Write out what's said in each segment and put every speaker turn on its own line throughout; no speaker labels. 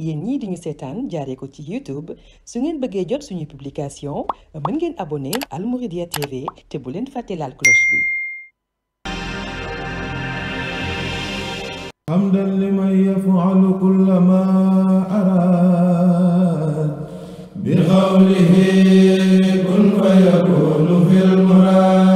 yéen ñi di ñu seetaan jaaree ko ci YouTube su ngeen bëggee jot suñuy publication mën ngeen abonné Al Mouridiyyah TV te bu leen fàtte laal cloche bi. hamdan liman yaf'alu
kulla ma bi qawlihi kun fayakunu fil murad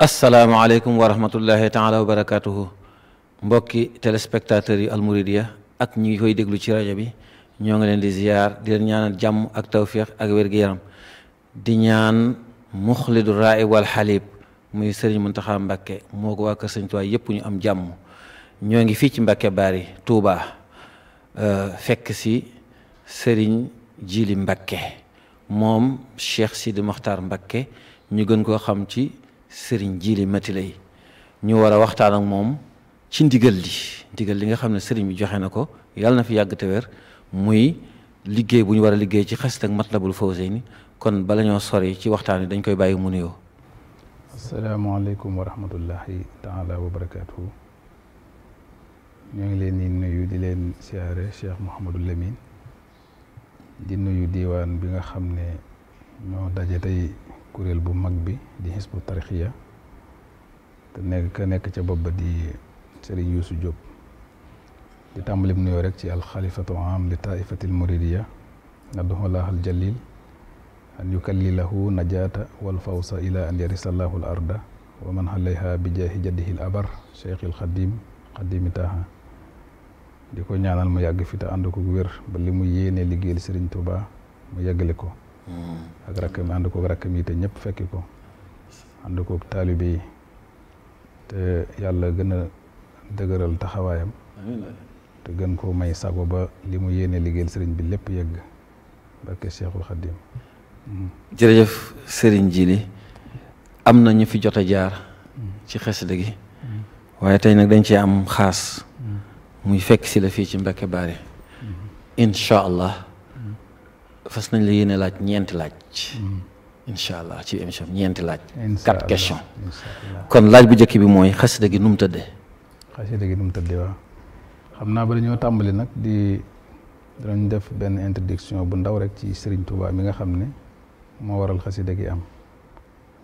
asalaamaaleykum wa rahmatullahi taala wa barakatuhu mbokki téléspectateurs yi almouridia ak ñi koy déglu ci rajo bi ñoo ngi leen di ziyaar di leen ñaanal jàmm ak tawfiq ak wér yaram di ñaan muxlidu raib wal xalib muy sëriñ Muntaxa mbakke moo ko waa kër Sëriñ Tuubaa yëpp ñu am jàmm ñoo ngi fii ci Mbàkke Bari Tuuba euh, fekk si sëriñ Jili Mbàkke moom Cheikh Sidi Moxtaar Mbàkke ñu gën koo xam ci sëriñ Jili Matilay ñu war a waxtaan ak moom ci ndigal li ndigal li nga xam ne sëriñ bi joxe na ko yàlla na fi yàgg te wér muy liggéey bu ñu war a liggéey ci xasida ak Matlabul Fawzayni kon bala ñoo sori ci waxtaan wi dañ koy bàyyi mu nuyoo.
asalaamaaleykum wa rahmatullahi taala wa barakaatu. ñoo ngi leen di nuyu di leen siyaare Cheikh Mouhamadou Lamine di nuyu diwaan bi nga xam ne ñoo daje tey kuréel bu mag bi di Hizbut Tarqiyyah te nekk nekk ca bopp ba di Serigne Youssou Diop di tàmbalim nuyoo rek ci alxalifatu am li taifati almuridiya nadduhu lah aljalil an yukallilahu najata walfawsa ila an yarisallahu al arda wa man alayha bi jaahi jaddihi al abar cheikh al xadim xadimi di ko ñaanal mu yàgg fi te ànd ko wér ba li mu yéene liggéeyal sëriñ Tuuba mu yàggale hmm. ko ak rakkam ànd kook rakkam yi te fekki ko ànd kook taalibe yi te yàlla gën a te gën koo may sago ba li mu yéene liggéeyal sëriñ bi lépp yegg barke Cheikhul Khadim
jërëjëf sëriñ am na ñu fi jot jaar mm. ci xasida gi mm. waaye tey nag dañ ci am xaas mm. muy fekk si la fii ci Mbacke Bari mm-hmm. incha allah fas nañ la yéene laaj ñeenti laaj incha allah ci émission ñeenti laaj quatre question kon laaj bu njëkk bi mooy xasida gi nu mu tëddee
xasida gi nu mu tëddee xam naa ba dañoo tàmbali nag di danañ def benn introduction bu ndaw rek ci sëriñ Touba mi nga xam ne moo waral xasida gi am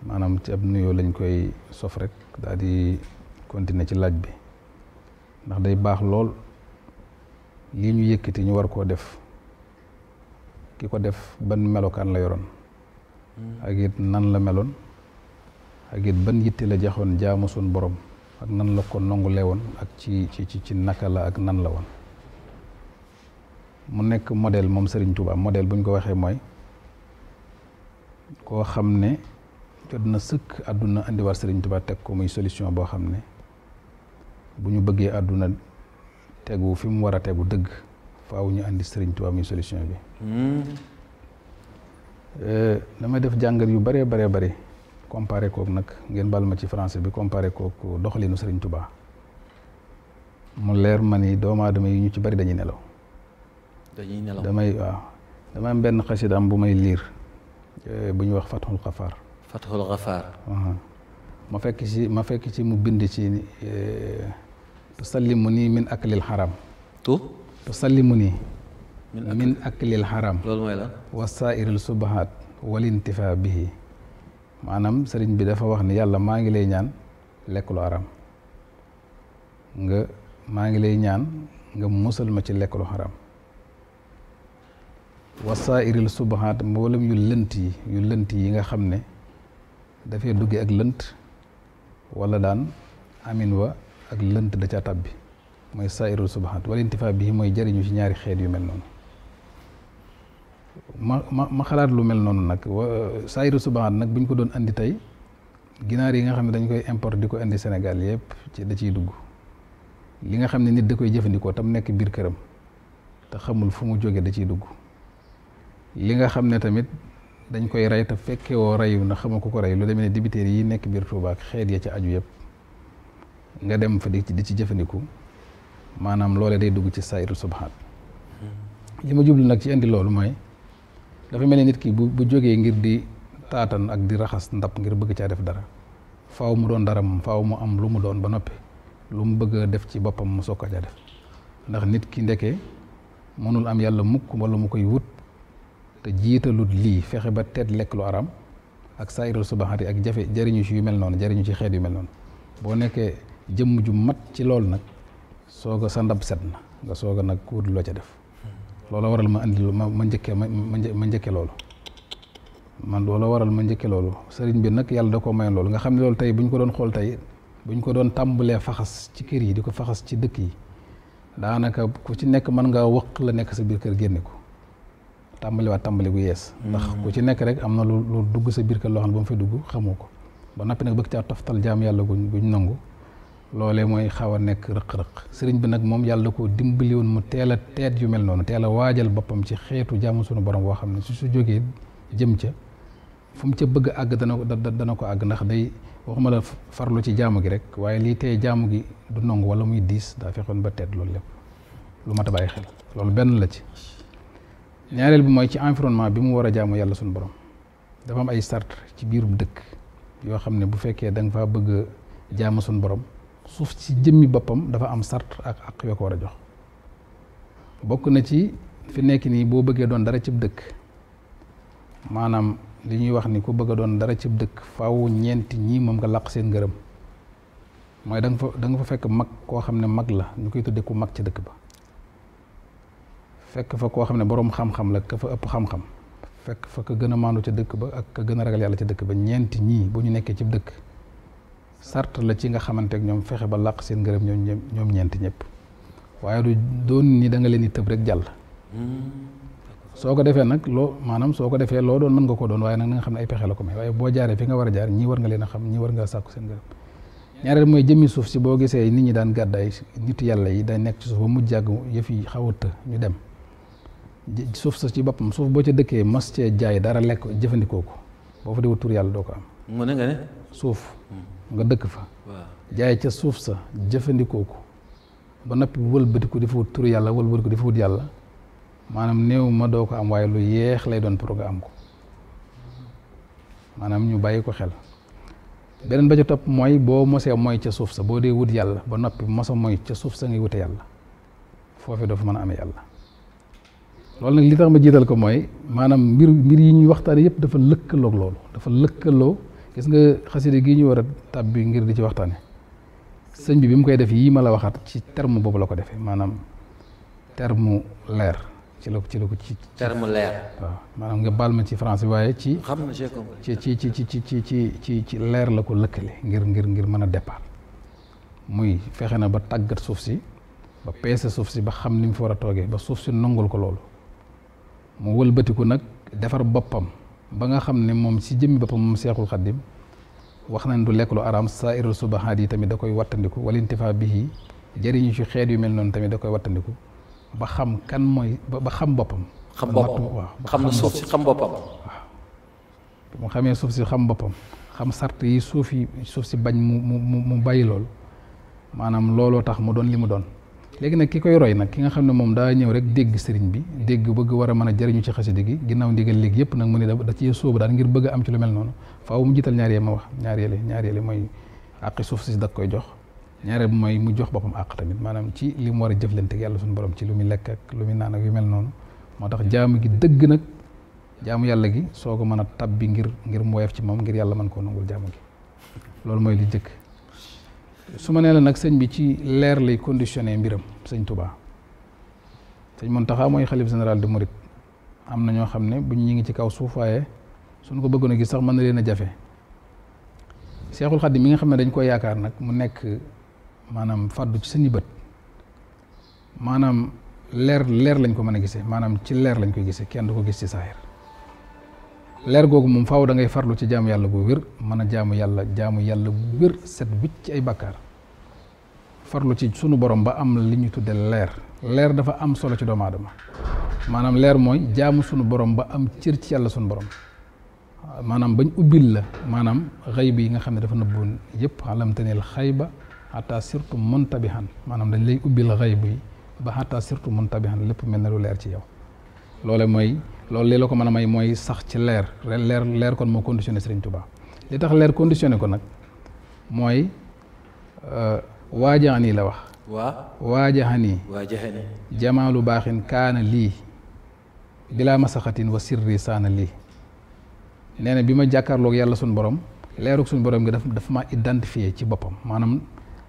maanaam ci nuyoo lañ koy sof rek daal di continuer ci laaj bi ndax day baax lool lii ñu yëkkati ñu war koo def ki ko def ban melokaan la yoroon hmm. ak yit nan la meloon ak yit ban yitte la jaxoon jaamu sun borom ak nan la ko nongule woon ak ci ci ci naka la ak nan la woon mu nekk model moom Serigne Touba modèle bu ñu ko waxee mooy koo xam ne jot na sëkk àdduna indiwaat Serigne Touba teg ko muy solution boo xam ne bu ñu bëggee àdduna tegu fi mu war a tegu dëgg faaw ñu indi Serigne Touba muy solution bi. Hmm. Eh, damay def jàngat yu bëree bare bëri. comparé kook nag ngeen bal ma ci français bi compare kook doxalinu Sëriñ Tuubaa mu leer ma ni doomu aadama yi ñu ci bari dañuy nelaw.
dañuy nelaw damay
waaw damay am benn xasidaam bu may liir eh, bu ñuy wax Fathul Xafaar.
Fathul Xafaar.
Uh-huh. ma fekk ci ma fekk ci mu bind ci eh, tusallimu nii min aklil xaram. tu tusallimu nii. min aklil xaram. loolu mooy la. wa saairil subahaat wal intifaa maanaam sëriñ bi dafa wax ni yàlla maa ngi lay ñaan lekk lu haram nga maa ngi lay ñaan nga musal ma ci lekk lu haram wasaa'iril subahaat mboolem yu lënt yi yu lënt yi nga xam ne dafay dugge ak lënt walla daan amin wa ak lënt da ca bi mooy saa'iril subahaat wala intifaa bi mooy jariñu ci ñaari xeet yu mel noonu ma ma ma xalaat lu mel noonu nag saayiru subaxaat nag bu ñu ko doon indi tey ginaar yi nga xam ne dañ koy importe di ko indi Sénégal yëpp ci da ciy dugg li nga xam ne nit da koy jëfandikoo tam nekk biir këram te xamul fu mu jóge da ciy dugg li nga xam ne tamit dañ koy rey te fekke woo reyu na xamul ku ko rey lu demee ne dibiteer yi nekk biir Touba ak xeet ya ci aju yëpp nga dem fa di ci di ci jëfandiku maanaam loole day dugg ci saayiru subaxaat
hmm.
li ma jublu nag ci indi loolu mooy dafa mel ni nit ki bu bu jógee ngir di taatan ak di raxas ndab ngir bëgg caa def dara faaw mu doon dara mu faw mu am lu mu doon ba noppi lu mu bëgg def ci boppam mu soog ko caa def ndax nit ki ndeke mënul am yàlla mukk wala mu koy wut te jiitalut lii fexe ba teet lekk lu aram ak saayirul subaxaati ak jafe jariñu ci yu mel noonu jariñu ci xeet yu mel noonu boo nekkee jëmm ju mat ci lool nag soog a sa ndab set na nga soog a nag wut loo ca def loolu waral ma andi ma ma njëkkee ma ma njëkkee loolu man loolu waral ma njëkke loolu sëriñ bi nag yàlla da koo mayoon loolu nga xam ne loolu tey bu ñu ko doon xool tey bu ñu ko doon tàmbalee faxas ci kër yi di ko faxas ci dëkk yi daanaka ku ci nekk mën ngaa wëq la nekk sa biir kër génne ko tàmbali waat tàmbali gu yees. Mm-hmm. ndax ku ci nekk rek am na lu lu dugg sa biir kër loo xam ne ba mu fay dugg xamoo ko ba noppi nag bëgg caa toftal jaam yàlla guñ guñ nangu. loole mooy xaw a nekk rëq-rëq sëriñ bi nag moom yàlla da koo dimbali woon mu teel a teet yu mel noonu teel a waajal boppam ci xeetu jàmm suñu borom boo xam ne su su jógee jëm ca fu mu ca bëgg àgg dana dana ko àgg ndax day waxuma la farlu ci jaamu gi rek waaye lii tey jaamu gi du nangu wala muy diis daa fexoon ba teet loolu lépp lu mat a bàyyi xel loolu benn la ci ñaareel bi mooy ci environnement bi mu war a jaamu yàlla suñu borom dafa am ay sart ci biirum dëkk yoo xam ne bu fekkee da nga faa bëgg jaamu suñu borom suuf ci jëmmi boppam dafa am sart ak ak yoo war a jox bokk na ci fi nekk nii boo bëggee doon dara cib dëkk maanaam li ñuy wax ni ku bëgg a doon dara cib dëkk faw ñeenti ñii moom nga làq seen ngërëm mooy da fa danga fa fekk mag koo xam ne mag la ñu koy tuddee ku mag ca dëkk ba fekk fa koo xam ne boroom xam-xam la ka fa ëpp xam-xam fekk fa ka gën a maandu ca dëkk ba ak ka gën a ragal yàlla ca dëkk ba ñeenti ñii bu ñu nekkee cib dëkk. sart la ci nga xamante ak ñoom fexe ba làq seen ngërëm ñoom ñoom ñeenti ñëpp waaye du doon nii danga leen di tëb rek jàll. Hmm. soo ko defee nag loo maanaam soo ko defee loo doon mën nga ko doon waaye nag na nga xam ne ay pexe la ko may waaye boo jaaree fi nga war a jaar ñii war nga leen a xam ñii war nga sàkku seen ngërëm ñaareel mooy jëmmi suuf si boo gisee nit ñi daan gàddaay nit yàlla yi day nekk ci suuf ba mu jàgg yëf yi xaw a të ñu dem suuf sa ci boppam suuf boo ca dëkkee mos cee jaay dara lekk jëfandikoo ko boo fa tur yàlla doo ko am mu nga suuf nga dëkk fa jaay ca suuf sa jëfandikoo ko ba noppi wëlbati ko di fa wut tur yàlla wëlbati ko di fa wut yàlla maanaam néew ma doo ko am waaye lu yeex lay doon pour am ko maanaam ñu bàyyi ko xel beneen ba ca topp mooy boo mosee mooy ca suuf sa boo dee wut yàlla ba noppi mosa mooy ca suuf sa ngi wute yàlla foofu dafa mën a amee yàlla loolu nag li tax ma jiital ko mooy maanaam mbir mbir yi ñuy waxtaan yëpp dafa lëkkalook loolu dafa lëkkaloo gis nga xasida gii ñu war a tàbbi ngir di ci waxtaane sëñ bi bi mu koy def yii ma la waxaat ci terme boobu la ko defee maanaam terme leer ci la ko ci la ko maanaam nga baal ma ci français waaye ci. xam na ci ci ci ci ci ci ci leer la ko lëkkale ngir ngir ngir mën a départ muy fexe na ba tàggat suuf si ba peese suuf si ba xam ni mu fi war a toogee ba suuf si nongul ko loolu mu wëlbatiku nag defar boppam ba nga xam ne moom si jëmmi boppam moom Seexul Xaddim wax nañ du lekk lu araam saairu subahaat yi tamit da koy wattandiku wala intifa bihi jëriñu ci xeet yu mel noonu tamit da koy wattandiku ba xam kan mooy ba xam boppam. xam boppam waaw xam na suuf si xam boppam. waaw xamee suuf si xam boppam xam sart yi suuf yi suuf si bañ mu mu mu bàyyi lool maanaam looloo tax mu doon li mu doon. léegi nag ki koy roy nag ki nga xam ne moom daa ñëw rek dégg sëriñ bi dégg bëgg war a mën a jëriñu ci xasida gi ginnaaw ndigal léegi yëpp nag mu ne da ci sóobu daal am ci lu mel noonu faaw mu jiital ñaar yee mooy suuf si da koy jox ñaareel mooy mu jox boppam àq tamit maanaam ci li mu war a jëflante yàlla suñu borom ci lu muy lekk ak lu muy naan ak yu mel noonu moo tax jaamu gi dëgg nag jaamu yàlla gi soo ko mën a bi ngir ngir mu woyof ci moom ngir yàlla mën koo nangul jaamu gi loolu mooy li jëkk su ma nee la nag sëñ bi ci leer lay conditionné mbiram sëñ Touba sëñ Mountakha mooy xalif général de Mouride am na ñoo xam ne buñ ñi ngi ci kaw suuf waaye suñ ko bëggoon a gis sax mën na leen a jafe Seexul Xaadim mi nga xam ne dañ koy yaakaar nag mu nekk maanaam fàddu ci sëñi bët maanaam leer leer lañ ko mën a gisee maanaam ci leer lañ koy gisee kenn du ko gis ci saahir leer googu moom faaw da ngay farlu ci jaamu yàlla bu wér mën a jaamu yàlla jaamu yàlla bu wér set wicc ci ay bàkkaar farlu ci sunu borom ba am li ñu tudde leer leer dafa am solo ci doomu aadama maanaam leer mooy jaamu sunu borom ba am cër ci yàlla sunu borom maanaam bañ ubbil la maanaam xayb yi nga xam ne dafa nëbboon yëpp alamtanil xayba xataa surtout muntabihan maanaam dañ lay ubbil xayb yi ba xataa surtout muntabihan lépp mel na lu leer ci yow loolu lii la ko man a may mooy sax ci leer leer leer kon moo conditionné Serigne Touba li tax leer conditionné ko nag mooy euh, waajaxani la wax. waa waajaxani. waajaxani. jamaalu baaxin kaana lii bilaa masaxatin wa sirri saana lii nee na bi ma jàkkaarloog yàlla suñu borom leerug suñ borom gi daf dafa ma identifié ci boppam maanaam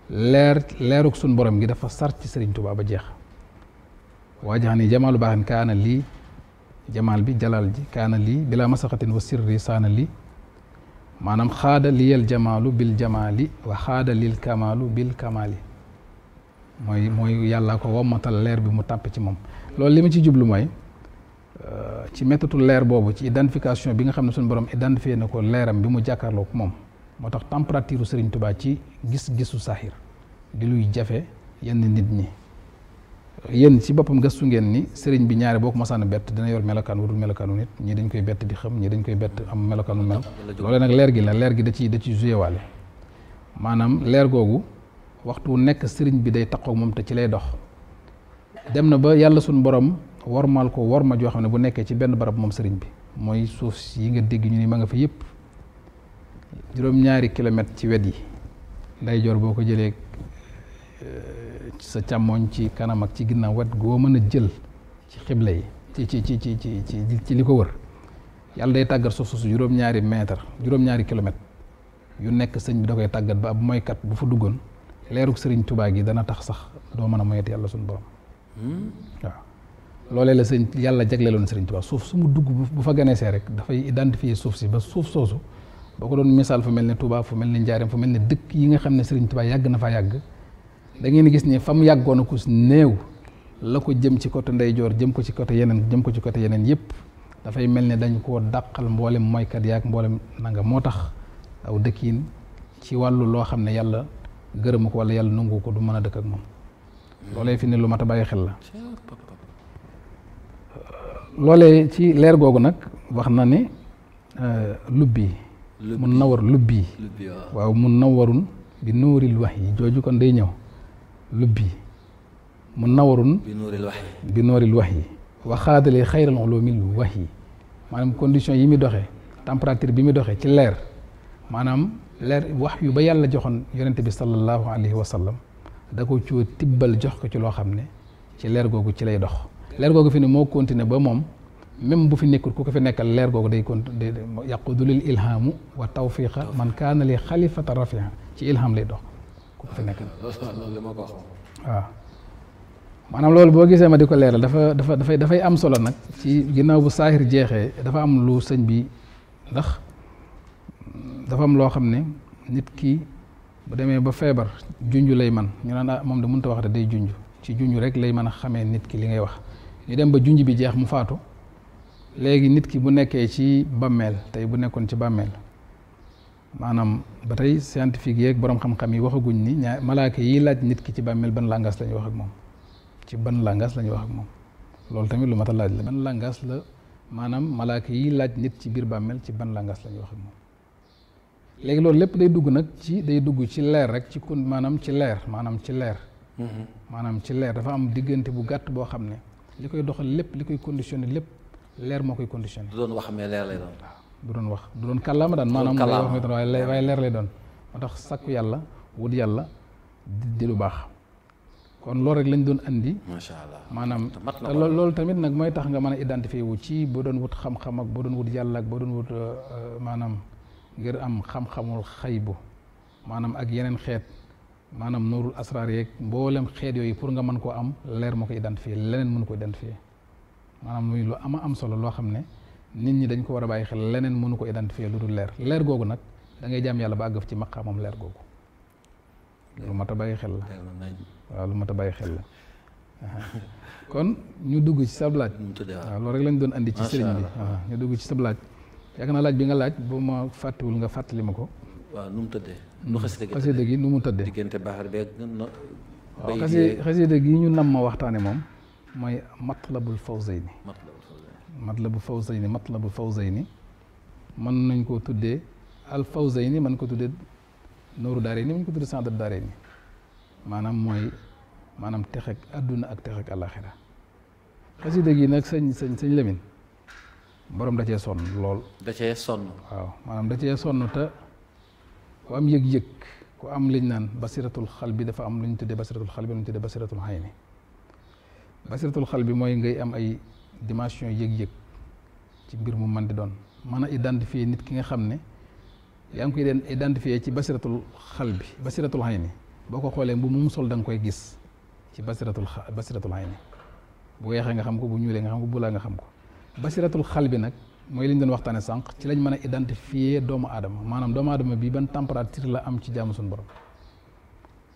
leer leerug suñu borom gi dafa sar ci Serigne Touba ba jeex waajaxani jamaalu baaxin kaana lii. jamaal bi jalaal ji kaana lii ma masaxatin wa sirri saana lii maanaam xaada liyal jamaalu bil jamaali wa xaada lil kamaalu bil kamaali mooy mooy yàllaa ko wommatal leer bi mu tàpp ci moom loolu li ma ci jublu mooy euh, ci métatu leer boobu ci identification bi nga xam ne suñu borom identifié na ko leeram bi mu jàkkaarloo ko moom moo tax température Serigne Touba ci gis-gisu saxir di luy jafe yenn nit ñi yéen ci boppam gëstu ngeen ni sëriñ bi ñaare boo ko masaan bett dina yor melokaan wudul melokaanu nit ñii dañ koy bett di xam ñii dañ koy bett am melokaanu mel loole nag leer gi la leer gi da ci da ci joué maanaam leer googu waxtu nekk sëriñ bi day taqoog moom te ci lay dox dem na ba yàlla suñu borom wormaal ko worma joo xam ne bu nekkee ci benn barab moom sëriñ bi mooy suuf yi nga dégg ñu ni ma nga fa yëpp juróom-ñaari kilomètre ci wet yi nday joor boo ko jëlee sa càmmooñ ci kanam ak ci ginnaaw wet goo mën a jël ci xibla yi ci ci ci ci ci ci li ko wër yàlla day tàggat suuf su juróom-ñaari mètre juróom-ñaari kilomètre yu nekk sëñ bi da koy tàggat ba ab moykat bu fa duggoon leerug sëriñ Tuubaa gi dana tax sax doo mën a moyet yàlla suñ borom hmm? waaw loolee sëñ yàlla jagleeloon sëriñ Tuubaa suuf su mu dugg bu fa ganesee rek dafay identifier suuf si ba suuf soosu boo ko doon misaal fu mel ne tubaa fu mel ne Njaareem fu mel ne dëkk yi nga xam ne sëriñ Tuubaa yàgg na faa yàgg da ngeen gis ne fa mu yàggoon a kus néew la ko jëm ci côté ndeyjoor jëm ko ci côté yeneen jëm ko ci côté yeneen yëpp dafay mel ne dañ koo dàqal mboolem moykat ak mboolem nanga moo tax aw dëkkiin ci wàllu loo xam ne yàlla gërëmu ko wala yàlla nangu ko du mën a dëkk ak moom loolee fi ne lu mat a bàyyi xel la loolee ci leer googu nag wax na ne euh, lubbi mun nawar lubbi waaw mun nawarun bi nóoril wax yi jooju kon day ñëw lu bii lubbi munawwarun bi nooril wahyi wa xaadale xayral ulumil wahyi manaam condition yi muy doxee température bi muy doxee ci leer maanaam leer wax yu ba yàlla joxoon yonente bi sallallahu alayhi wa sallam da ko ci tibbal jox ko ci loo xam ne ci leer googu ci lay dox leer googu fi ne moo continué ba moom même bu fi nekkul ku ko fi nekkal leer googu day continué yaqudu lil ilhaamu wa tawfiqa man kaana li xalifata rafiha ci ilham lay dox ku fi nekk
ah, loolu ma ko wax
waaw loolu boo gisee ma di ko leeral dafa dafa dafay dafay am solo nag ci ginnaaw bu saaxir jeexee dafa am lu sëñ bi ndax dafa am loo xam ne nit ki bu demee ba feebar junj lay man ñu naan ah moom de mënut a wax de day junj ci junj rek lay mën a xamee nit ki li ngay wax ñu dem ba junj bi jeex mu faatu léegi nit ki bu nekkee ci bàmmeel tey bu nekkoon ci bàmmeel maanaam ba tey scientifique yeeg borom xam-xam yi waxaguñ ni ñaar malaake yi laaj nit ki ci bàmmeel ban langage la ñuy wax moom ci ban langage la ñuy wax ak moom loolu tamit lu mat a laaj la ban langage la maanaam malaaka yi laaj nit ci biir bàmmeel ci ban langage la ñuy wax moom léegi loolu lépp day dugg nag ci day dugg ci leer rek ci kun maanaam ci leer maanaam ci leer mm-hmm. maanaam ci leer dafa am diggante bu gàtt boo xam ne li koy doxal lépp li koy condition lépp leer moo koy conditionné.
du doon wax mais leer
lay doon. du doon wax du doon kàllaama daan maanaam waaye waaye leer lay doon moo tax sàkku yàlla wut yàlla di lu baax kon loolu rek lañ doon andi maanaam allah maanaam loolu tamit nag mooy tax nga man a identifié wu ci boo doon wut xam-xam ak boo doon wut yàlla ak boo doon wut euh, euh, maanaam ngir am xam-xamul xaybu maanaam ak yeneen xeet maanaam nuurul asraar yeeg mboolem xeet yooyu pour nga mën koo am leer moo ko identifié leneen mënu ko identifié maanaam muy lu ama am solo loo xam ne nit ñi dañ ko war a bàyyi xel leneen mënu ko identifier lu du leer leer googu nag dangay ngay jaam yàlla ba àggaf ci maqaamam leer googu lu mat a bàyyi xel la waaw lu mat a bàyyi xel la kon ñu dugg ci sab laaj waaw loolu rek lañ doon indi ci sëriñ bi waaw ñu dugg ci sab laaj yaakaar naa laaj bi nga laaj bu ma fàttewul nga fàttali ma ko waaw nu mu tëddee mm. nu xasida gi nu mu tëddee diggante baaxar beeg waaw xasida gi ñu nam ma waxtaane moom mooy matlabul fawzayni matlabu fawzayni matlabu fawzayni mën nañ koo tuddee al fawzayni mën koo tuddee nooru daaree ni mën ko tuddee sànqal daaree ni maanaam mooy maanaam texek àdduna ak texek àllaaxira xasida gi nag sëñ sëñ sëñ Lamin borom da cee sonn lool.
da cee sonn.
waaw maanaam da cee sonn te ku am yëg-yëg ku am liñ naan basiratul xal bi dafa am lu tuddee basiratul xal bi lu ñu tuddee basiratul xayni basiratul xal bi mooy ngay am ay. dimension yëg-yëg ci mbir mu man di doon mën a identifier nit ki nga xam ne yaa ngi koy den identifier ci basiratul xal bi basiratul xay ni boo ko xoolee bu mu sol da nga koy gis ci basiratul basiratul xay ni bu weexee nga xam ko bu ñuulee nga xam ko bu bulaa nga xam ko basiratul xal bi nag mooy li ñu doon waxtaan sànq ci lañ mën a identifier doomu aadama maanaam doomu aadama bi ban température la am ci jaamu suñu borom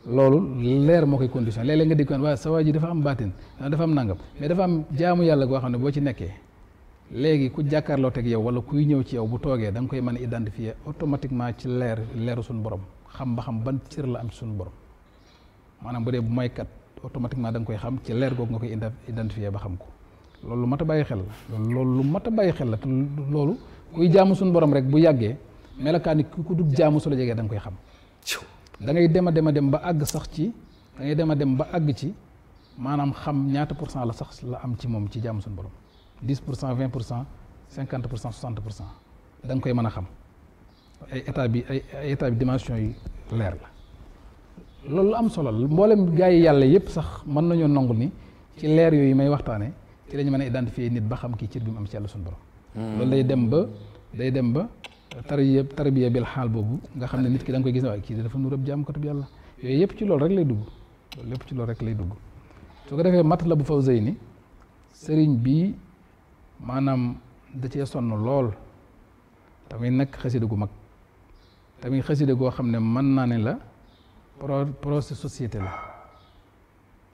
loolu leer moo koy condition léeg-léeg nga dégg ko waaye sa waa ji dafa am baatin ah, dafa am nangam mais dafa am jaamu yàlla goo xam ne boo ci nekkee léegi ku jàkkaarloo teg yow wala kuy ñëw ci yow bu toogee da nga koy mën a identifier automatiquement ci leer leeru suñu borom xam ba xam ban cër la am ci suñu borom maanaam bu dee bu moykat automatiquement danga koy xam ci leer googu nga koy identifier ba xam ko loolu lu mat a bàyyi xel la loolu lu mat a bàyyi xel la te loolu kuy jaamu suñu borom rek bu yàggee melokaan ku dul jaamu su la da nga koy xam da ngay dem a dem a dem ba àgg sax ci da ngay dem a dem ba àgg ci maanaam xam ñaata pour cent la sax la am ci moom ci jaamu suñu borom 10 pour cent 20 pour cent 50 pour cent 60 pour cent da koy mën a xam ay état bi ay ay état bi dimension yi leer la. loolu lu am solo la mboolem gaa yi yàlla yépp sax mën nañoo nangu ni ci leer yooyu may waxtaanee ci la ñu mën a identifier nit ba xam kii cër bi mu am ci yàlla suñu borom. Hmm. loolu day dem ba day dem ba. tarbiya tarbiya bil xaal boobu nga xam ne nit ki da nga koy gis ne waaye kii dafa nurab jaamkatub yàlla yooyu yëpp ci loolu rek lay dugg loolu lépp ci loolu rek lay dugg su ko defee Matlaboul Fawzayni sëriñ bi maanaam da cee sonn lool tamit nag xasida gu mag tamit xasida goo xam ne mën naa ne la pro projet la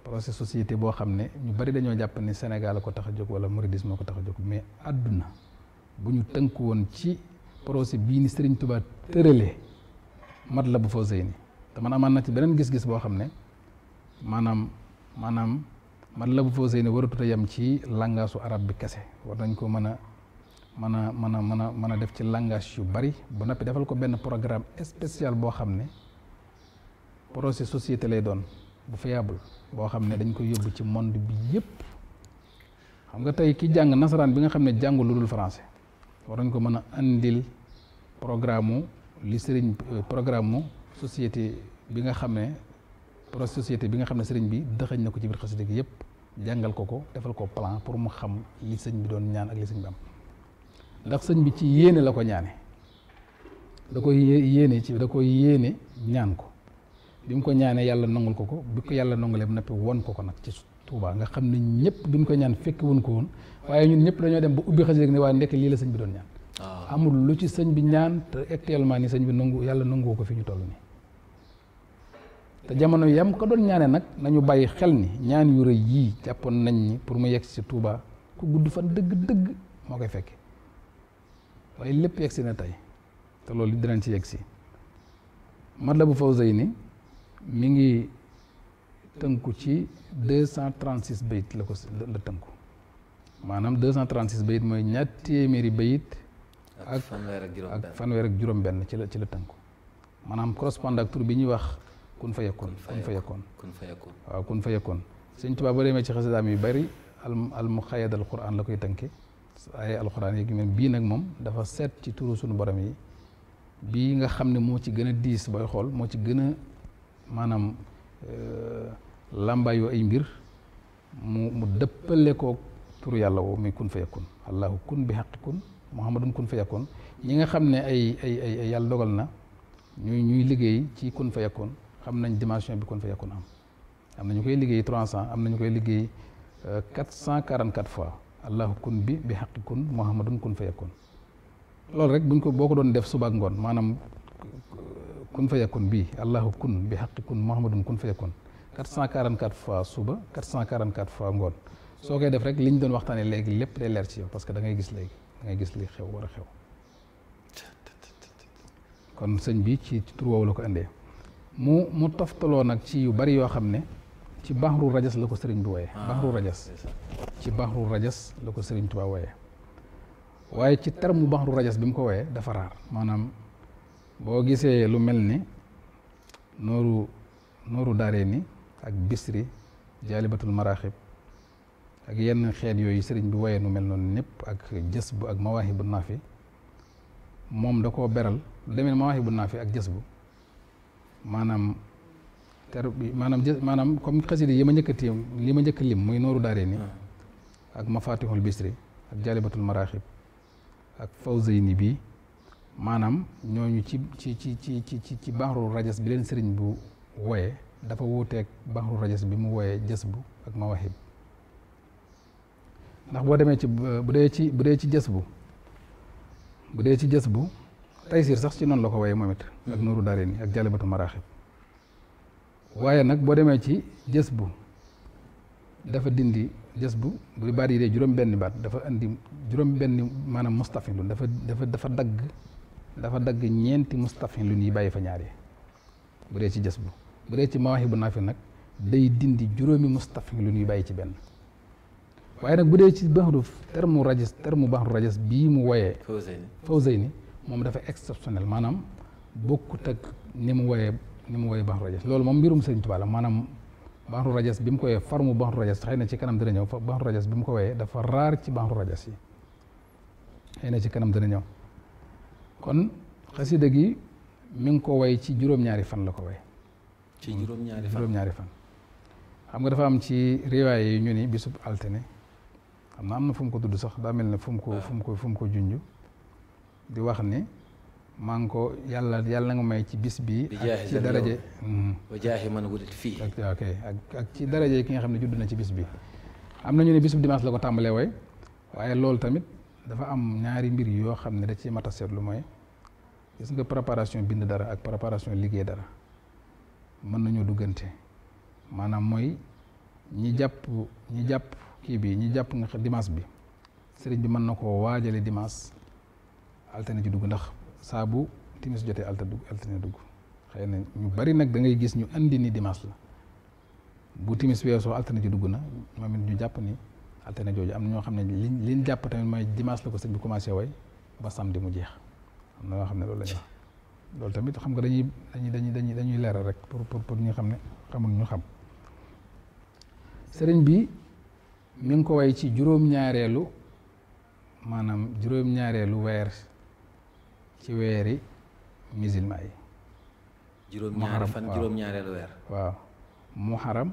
projet société boo xam ne ñu bari dañoo jàpp ni Sénégal ko tax a jóg wala mouridisme ko tax jóg mais àdduna bu ñu tënk woon ci projet bii ni Serigne Touba tëralee mat la bu foo sëy ni te man amaan na ci beneen gis-gis boo xam ne maanaam maanaam mat la bu foo sëy ni waratut a yem ci langaasu arab bi kese war nañ ko mën a mën a mën a mën a mën a def ci langage yu bari bu noppi defal ko benn programme spécial boo xam ne projet société lay doon bu fiable boo xam ne dañ ko yóbbu ci monde bi yépp xam nga tey ki jàng nasaraan bi nga xam ne jàngul lu dul français waroon ko mën a andil programme li sëriñ euh, programme mu société bi nga xam ne pro bi nga xam ne sëriñ bi dëxëñ na ko ci biir xasida gi yëpp jàngal ko ko defal ko plan pour mu xam li sëñ bi doon ñaan ak li sëñ bi am ndax sëñ bi ci yéene la ko ñaane da koy yéene ci da koy yéene ñaan ko bi mu ko ñaanee yàlla nangul ko ko bi ko yàlla nangulee ba noppi won ko ko nag ci Touba nga xam ne ñëpp duñ ko ñaan fekk wuñ ko woon waaye ñun ñëpp dañoo dem ba ubbi xasida ne waaye ndekk lii la sëñ bi doon ñaan ah. amul lu ci sëñ bi ñaan te actuellement ni sëñ bi nangu yàlla nangoo ko fi ñu toll nii te jamono yam ko doon ñaane nag nañu bàyyi xel ni ñaan yu yii jàppoon nañ ni pour mu yegg si Touba ku gudd fa dëgg-dëgg moo koy fekke waaye lépp yegg si na tey te loolu dinañ ci yegg si Matlabul Fawzayni mi ngi tënku ci deux cent trente six bayit la ko la tënku maanaam deux cent trente six bayit mooy ñaar téeméeri bayit ak fanweer ak juróom-benn ci la ci la tënku maanaam correspond ak tur bi ñuy wax kun fa yakkoon kun fa yakkoon waaw kun fa yakkoon sëñ Tuubaa boo demee ci xasidaam yu bari al al muqayyad al quran la koy tënke ay alquran yeeg même bii nag moom dafa seet ci turu suñu borom yi bii nga xam ne moo ci gën a diis booy xool moo ci gën maanaam euh, làmbaayoo ay mbir mu mu dëppale ko tur yàlla woo muy kun fa yakun allahu kun bi xaqi kun muhammadun kun fa yakun ñi nga xam ne ay ay ay yàlla dogal na ñuy ñuy liggéey ci kun fa yakun xam nañ dimension bi kun fa yakun am am na ñu koy liggéey trois cent am na koy liggéey euh, quatre cent quarante quatre fois allahu kun bi bi xaqi kun muhammadun kun fa yakun loolu rek buñ ko boo ko doon def subaak ngoon maanaam euh, kun fa yakun bii allahu kun bi xaqi kun muhammadun kun fa yakun 444 fois suba 444 fois ngoon soo koy def rek li ñu doon waxtaanee léegi lépp day leer ci yow parce que da ngay gis léegi da gis li xew war a xew kon sëñ bi ci tur la ko indee mu mu toftaloo nag ci yu bari yoo xam ne ci baxru rajas la ko sëriñ bi wooyee ah, baxru rajas ci baxru rajas la ko sëriñ Tuubaa woye waaye ci terme baxru rajas bi mu ko wooyee dafa raar maanaam boo gisee lu mel ni nooru nooru daaree ni ak bisri jaalibatul maraaxib ak yenn xeet yooyu sëriñ bu woyee nu mel noonu népp ak jasbu bu ak mawaahi bu naafi moom da koo beral lu demee mawaahi bu naafi ak jës bu maanaam ter maanaam jës maanaam comme xasida yi ma njëkk a tiim ma njëkk lim muy nooru daaree ni ah. ak mafatihul bisri ak jaalibatul maraaxib ak fawzayni bii maanaam ñooñu ci ci ci ci ci ci baaxru rajas bi leen sëriñ bu woyee dafa wuuteeg baxru rajas bi mu wooyee bu ak mawahib ndax boo demee ci bu dee ci bu dee ci jës bu dee taysiir sax ci noonu la ko wooyee moom it ak nuuru daarini ak jalibatu maraaxib waaye nag boo demee ci jës bu dafa dindi jësbu bu baat yi dee juróom benni baat dafa indi juróom benni maanaam mustafilun dafa dafa dafa dagg dafa dagg ñeenti mustafilun yi bàyyi fa ñaar bu dee ci bu bu dee ci bu naafi nag day dindi juróomi mustafil lu ñuy bàyyi ci benn waaye nag bu dee ci baxru terme rajis terme baxru rajis bii mu woyee fawzayni moom dafa exceptionnel maanaam bokkut ak ni mu woyee ni mu woyee baxru rajis loolu moom mbirum Sëriñ Tuubaa maanaam baxru rajis bi mu ko woyee farmu baxru rajis xëy na ci kanam dina ñëw baxru rajis bi mu ko woyee dafa raar ci baxru rajis yi xëy na ci kanam dina ñëw kon xasida gi mi ngi ko way ci juróom-ñaari fan la ko way ci juróom-ñaari fan ñaari fan. xam nga dafa am ci riwaaye yi ñu ni bisub altine xam na am na fu ko dudd sax daa mel ne fu ko fum ko fu ko junj di wax ni maa ngi ko yàlla yàlla nga may ci bis bi mm-hmm. ak ci daraje wajaahi man wulit fii ok ak ci ki nga xam ne judd na ci bis bi am na ñu ne bisub dimanche la ko tàmbalee way waaye loolu tamit dafa am ñaari mbir yoo xam ne da ci mata seetlu mooy gis nga préparation bind dara ak préparation liggéey dara mën nañoo duggante maanaam mooy ñi jàpp ñi jàpp kii bi ñi jàpp nga dimanche bi sëriñ bi mën na koo waajalee dimanche altine dugg ndax saabu bu timis jotee altine dugg altine dugg xëy na ñu bari nag da ngay gis ñu andi ni dimanche la bu timis weesoo altine ci dugg na moom it ñu jàpp ni altine jooju am na ñoo xam ne liñ liñ jàpp tamit mooy dimanche la ko sëñ bi commencé way ba samedi mu jeex am na loo xam ne loolu la loolu tamit xam nga dañuy dañuy dañuy dañuy leeral rek pour pour pour ñi xam ne xamul ñu xam sëriñ bi mi ngi ko way ci juróom-ñaareelu maanaam juróom-ñaareelu weer ci weeri musulman yi. juróom-ñaari fan ñaareelu weer. waaw muharam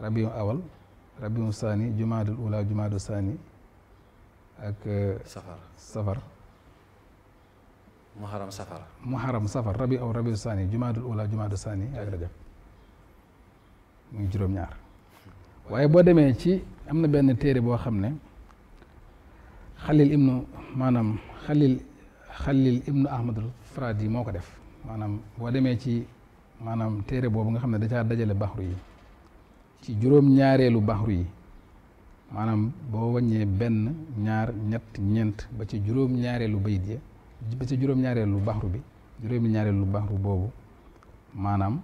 rabiu awal rabiu saani jumaadul ula jumaadu saani ak. safar safar. muharram safar muharram safar rabi aw rabi saani jumaadul ula jumaadu saani ak rajab muy juróom-ñaar waaye boo demee ci am na benn téere boo xam ne xalil ibnu maanaam xalil xalil ibnu ahmadul farad yi moo ko def maanaam boo demee ci maanaam téere boobu nga xam ne da caa dajale baxru yi ci juróom-ñaareelu baxru yi maanaam boo waññee benn ñaar ñett ñeent ba ci juróom-ñaareelu bayit ya bi ci juróom-ñaareelu baxru bi juróomi ñaareelu baxru boobu maanaam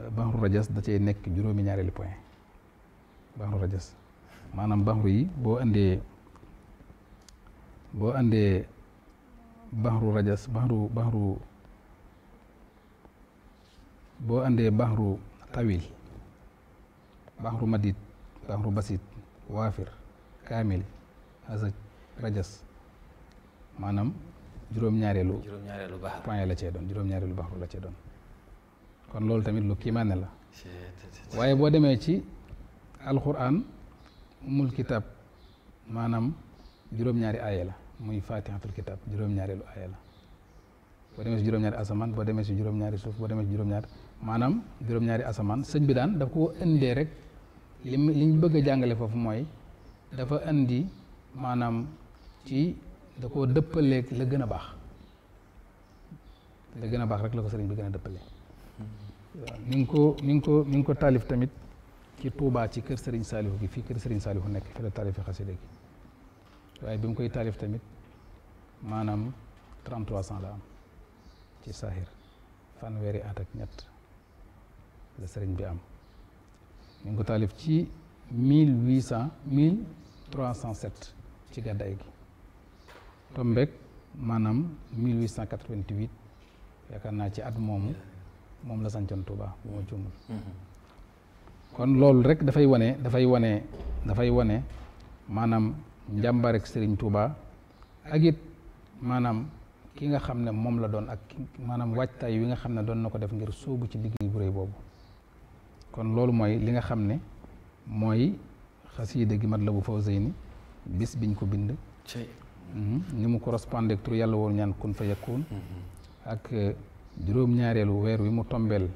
euh, baxru rajas da cay nekk juróomi ñaareelu point baxru rajas maanaam baxru yi boo andee boo andee baxru rajas baxru baxru boo andee baxru tawil baxru madit baxru basit waafir kaamil asaj rajas maanaam juróom-ñaareelu juróom-ñaareelu baax point la cee doon juróom-ñaareelu baax la cee doon kon loolu tamit lu kiimaane la waaye boo demee ci alquran mul kitab maanaam juróom-ñaari aaye la muy fatihatul kitab juróom-ñaareelu aaye la boo demee si juróom-ñaari asamaan boo demee si juróom-ñaari suuf boo demee si juróom-ñaari maanaam juróom asamaan sëñ bi daan daf ko indee rek li li ñu bëgg a jàngale foofu mooy dafa indi maanaam ci da koo dëppaleeg la gën a baax la gën a baax rek la ko sëriñ bi gën a dëppale mi ngi ko mi ngi ko mi ngi ko taalif tamit ci Touba ci kër sëriñ Saalihu gi fii kër sëriñ Saalihu nekk fi la taalifi xasida gi waaye bi mu koy taalif tamit maanaam trente-trois ans la am ci saaxir fanweeri at ñett la sëriñ bi am mi ngi ko taalif ci mille huit cent mille trois cent ci gàddaay gi tombek maanaam 1888 yaakaar naa ci at moomu moom la sancoon Touba bu ma juumul mhm. kon loolu rek dafay wane dafay wone dafay wane maanaam njàmbaar sëriñ Serigne ak it maanaam ki nga xam ne moom la doon ak maanaam waajtaay wi nga xam ne doon na ko def ngir sóobu ci liggéey bu rëy boobu kon loolu mooy li nga xam ne mooy xasiida gi mat la bu faw sëy ni bis biñ ko bind Mm-hmm. ni mu correspondé ak tur yàlla woon ñaan kun fa yakun mm-hmm. ak euh, juróom-ñaareelu weer wi mu tombeel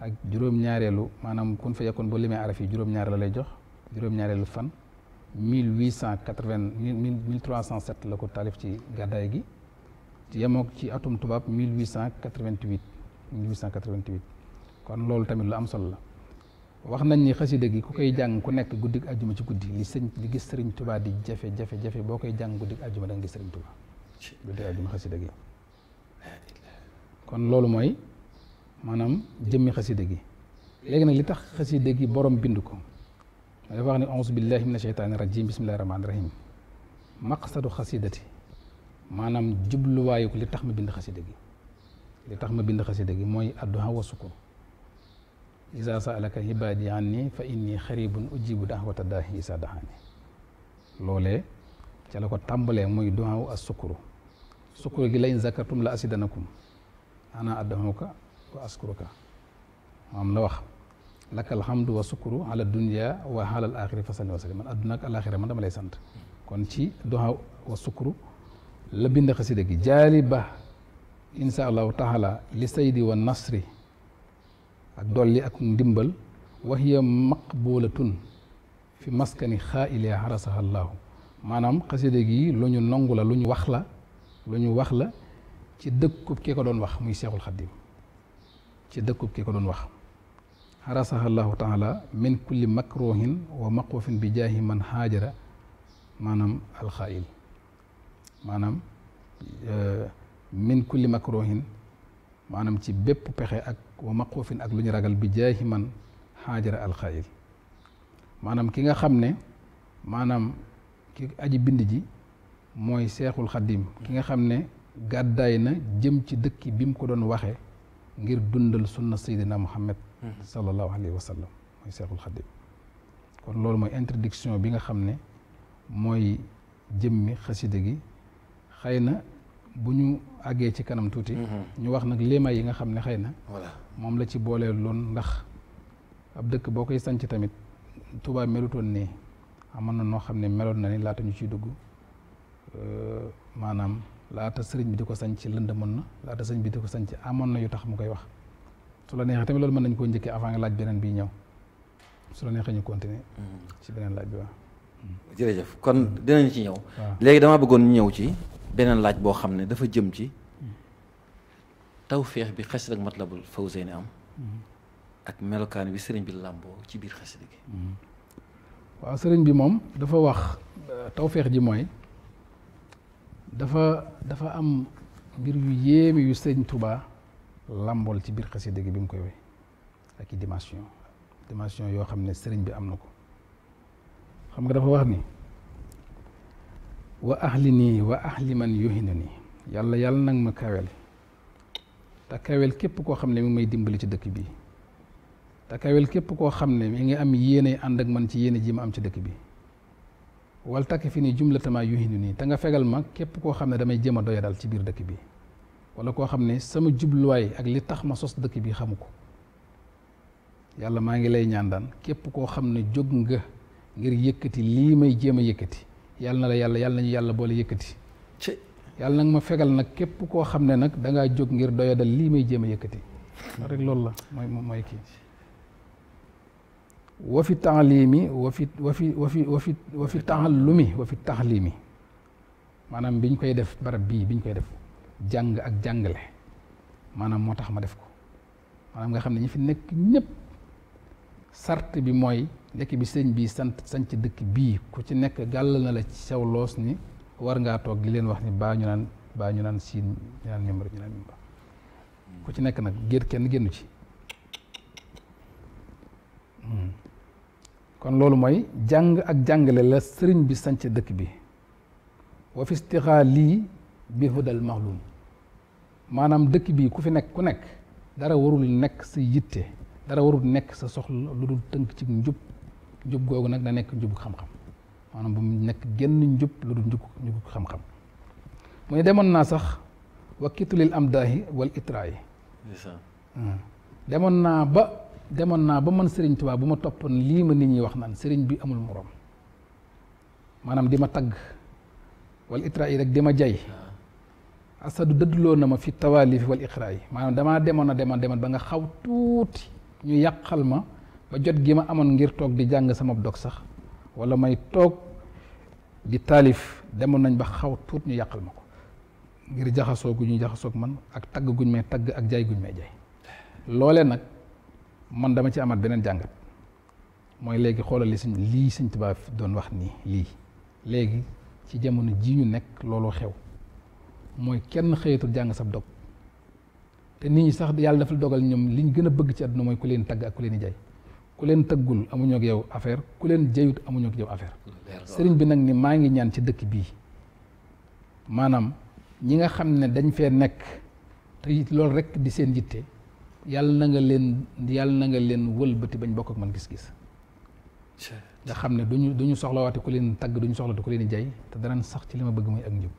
ak juróom-ñaareelu maanaam kun fa yakun ba limee araf yi juróom-ñaar la lay jox juróom-ñaareelu fan 1880 1307 la ko taalif ci gàddaay gi yemook ci atum tubaab 1888 1888 kon loolu tamit lu am solo la wax nañ ni xasida gi ku koy jàng ku nekk guddik ajjuma ci guddi li sëñ li gis sëriñ tubaa di jafe jafe jafe boo koy jàng guddik ajjuma da nga gis sëriñ tubaa guddik ajjuma xasida gi kon loolu mooy maanaam jëmmi xasida gi léegi nag li tax xasida gi borom bind ko dafa wax ni auzu billahi mina sheytaani rajim bismillahi rahmaani rahim maqsadu xasidati maanaam jubluwaayu li tax ma bind xasida gi li tax ma bind xasida gi mooy adduha wa sukur isa saalaka ibaadi anni fa inni xaribun ujibu daxwata daahi isa daxaani loolee ca la ko tàmbalee muy duwaaw as sukuru sukuru gi la in zakartum la asidanakum ana addahuka wa askuruka moom la wax lakal hamdu wa sukuru ala dunia wa alal axiri fa salli wa man adduna ak man dama lay sant kon ci duwaaw wa sukuru la bind xasida gi jaali insha allahu taala li saydi wa nasri ak dolli ak ndimbal wax ya maqbulatun fi maskani xaa'ilee xarasaha llaahu maanaam xasida gi lu ñu nongu la lu ñu wax la lu ñu wax la ci dëkkub ki ko doon wax muy seexul xaddim ci dëkkub ki ko doon wax xarasaha llaahu taala min kulli makruhin wa maqufin bi jaahi man xaajara maanaam alxaayil maanaam eh, min kulli makruhin maanaam ci bépp pexe wa maqoofin ak lu ñu ragal bi jaahi man xaajara alxayil maanaam ki nga xam ne maanaam ki aji bind ji mooy seexul xaddim ki nga xam ne gàddaay na jëm ci dëkk bi mu ko doon waxe ngir dundal sunna saydina muhammad mhm. sallallahu alayhi wa sallam mooy seexul xaddim kon loolu mooy interdiction bi nga xam ne mooy jëmmi xasida gi xëy na bu ñu àggee ci kanam tuuti. Mhm. ñu wax nag léema yi nga xam ne xëy na. moom la ci booleel loon ndax ab dëkk boo koy sanc tamit Touba melutoon nii amoon na noo xam ne meloon na ni laata ñu ciy dugg euh, maanaam laata sëriñ bi di ko sanc lënd mën na laata sëriñ bi di ko sanc amoon na yu tax mu koy wax su la neexee tamit loolu mën nañ koo njëkkee avant laaj beneen biy ñëw su la neexee ñu continuer mhm. ci beneen laaj bi waaw.
jërëjëf kon dinañ ci ñëw. léegi dama bëggoon ñëw ci. beneen laaj boo xam ne dafa jëm ci tawféex bi xasida ak Matlabul Fawzayni am ak melokaan bi sëriñ bi làmboo ci biir xasida gi
waaw sëriñ bi moom dafa wax euh, tawféex ji mooy dafa dafa am mbir yu yéeme yu sëriñ Touba làmbool ci biir xasida gi bi mu koy woy ak i dimension dimension yoo xam ne sëriñ bi am na ko xam nga dafa wax ni wa ahli nii wa ahli man yohinu nii yàlla yàlla nag ma kawel te kawel képp koo xam ne mi may dimbali ci dëkk bi te kawel képp koo xam ne mi ngi am yéene ànd ak man ci yéene ji ma am ci dëkk bi wal takk fi nii jumlatama yohinu nii te fegal ma képp koo xam ne damay jéem a doya dal biir dëkk bi wala koo xam ne sama jubluwaay ak li tax ma sos dëkk bi xamu ko yàlla maa ngi lay ñaan daan képp koo xam ne jóg nga ngir yëkkati lii may jéem a yëkkati yàlla na la yàlla yàlla ñu yàlla boole yëkkati yàlla nag ma fegal nag képp koo xam ne nag dangaa ngaa jóg ngir doyadal lii may jéem a yëkkati loolu la mooy mooy kii wa fi taalimi wa fi wa fi wa fi wa fi wa fi maanaam biñ koy def barab bii biñ koy def jàng ak jàngale maanaam moo tax ma def ko maanaam nga xam ne ñi fi nekk ñëpp sart bi mooy dëkk bi sëñ bii sant sanc dëkk bii ku ci nekk gàll na la ci sew loos ni war ngaa toog li leen wax ni baa ñu naan baa ñu naan siin ñu naan mimbar ñu naan mimbar ku ci nekk nag géer kenn génnu ci hmm. kon loolu mooy jàng ak jàngale la sëriñ bi sanc dëkk bi wa lii istixaali bi hudal maxlum maanaam dëkk bi ku fi nekk ku nekk dara warul nekk sa yitte dara warul nekk sa soxla lu dul tënk ci njub jub googu nag da nekk njub xam-xam maanaam bu mu nekk génn njub lu dul njub njub xam-xam mu ne demoon naa sax wakkitulil amdaahi wal itraayi hmm. demoon naa ba demoon naa ba man sëriñ tubaab bu ma toppoon lii ma nit ñi wax naan sëriñ bi amul moroom maanaam di ma tagg wal itraayi rek di ma jay ah. asadu dëddloo na ma fi tawaalif wal iqraa yi maanaam damaa demoon a demoon demoon ba nga xaw tuuti ñu yàqal ma ba jot gi ma amoon ngir toog di jàng sama dog sax wala may toog di taalif demoon nañ ba xaw tuut ñu yàqal ma ko ngir jaxasoo gu ñu jaxasoog man ak tagg guñ may tagg ak jaay guñ may jaay loole nag man dama ci amaat beneen jàngat mooy léegi xoolal li sëñ lii sëñ tubaab doon wax nii lii léegi ci jamono jii ñu nekk looloo xew mooy kenn xëyatul jàng sab dog te nit ñi sax yàlla dafa dogal ñoom liñ gën a bëgg ci àdduna mooy ku leen tagg ak ku leen jaay ku leen tëggul amuñu ak yow affaire ku leen jëyut amuñu ak yow affaire sëriñ bi nag ni maa ngi ñaan ci dëkk bii maanaam ñi nga xam ne dañ fee nekk te it loolu rek di seen yitte yàlla na nga leen yàlla na nga leen wëlbati bañ bokk ak man gis-gis nga xam ne duñu duñu soxlawaate ku leen tagg duñu soxlawaate ku leen di jay te danañ sax ci li ma bëgg muy ak njub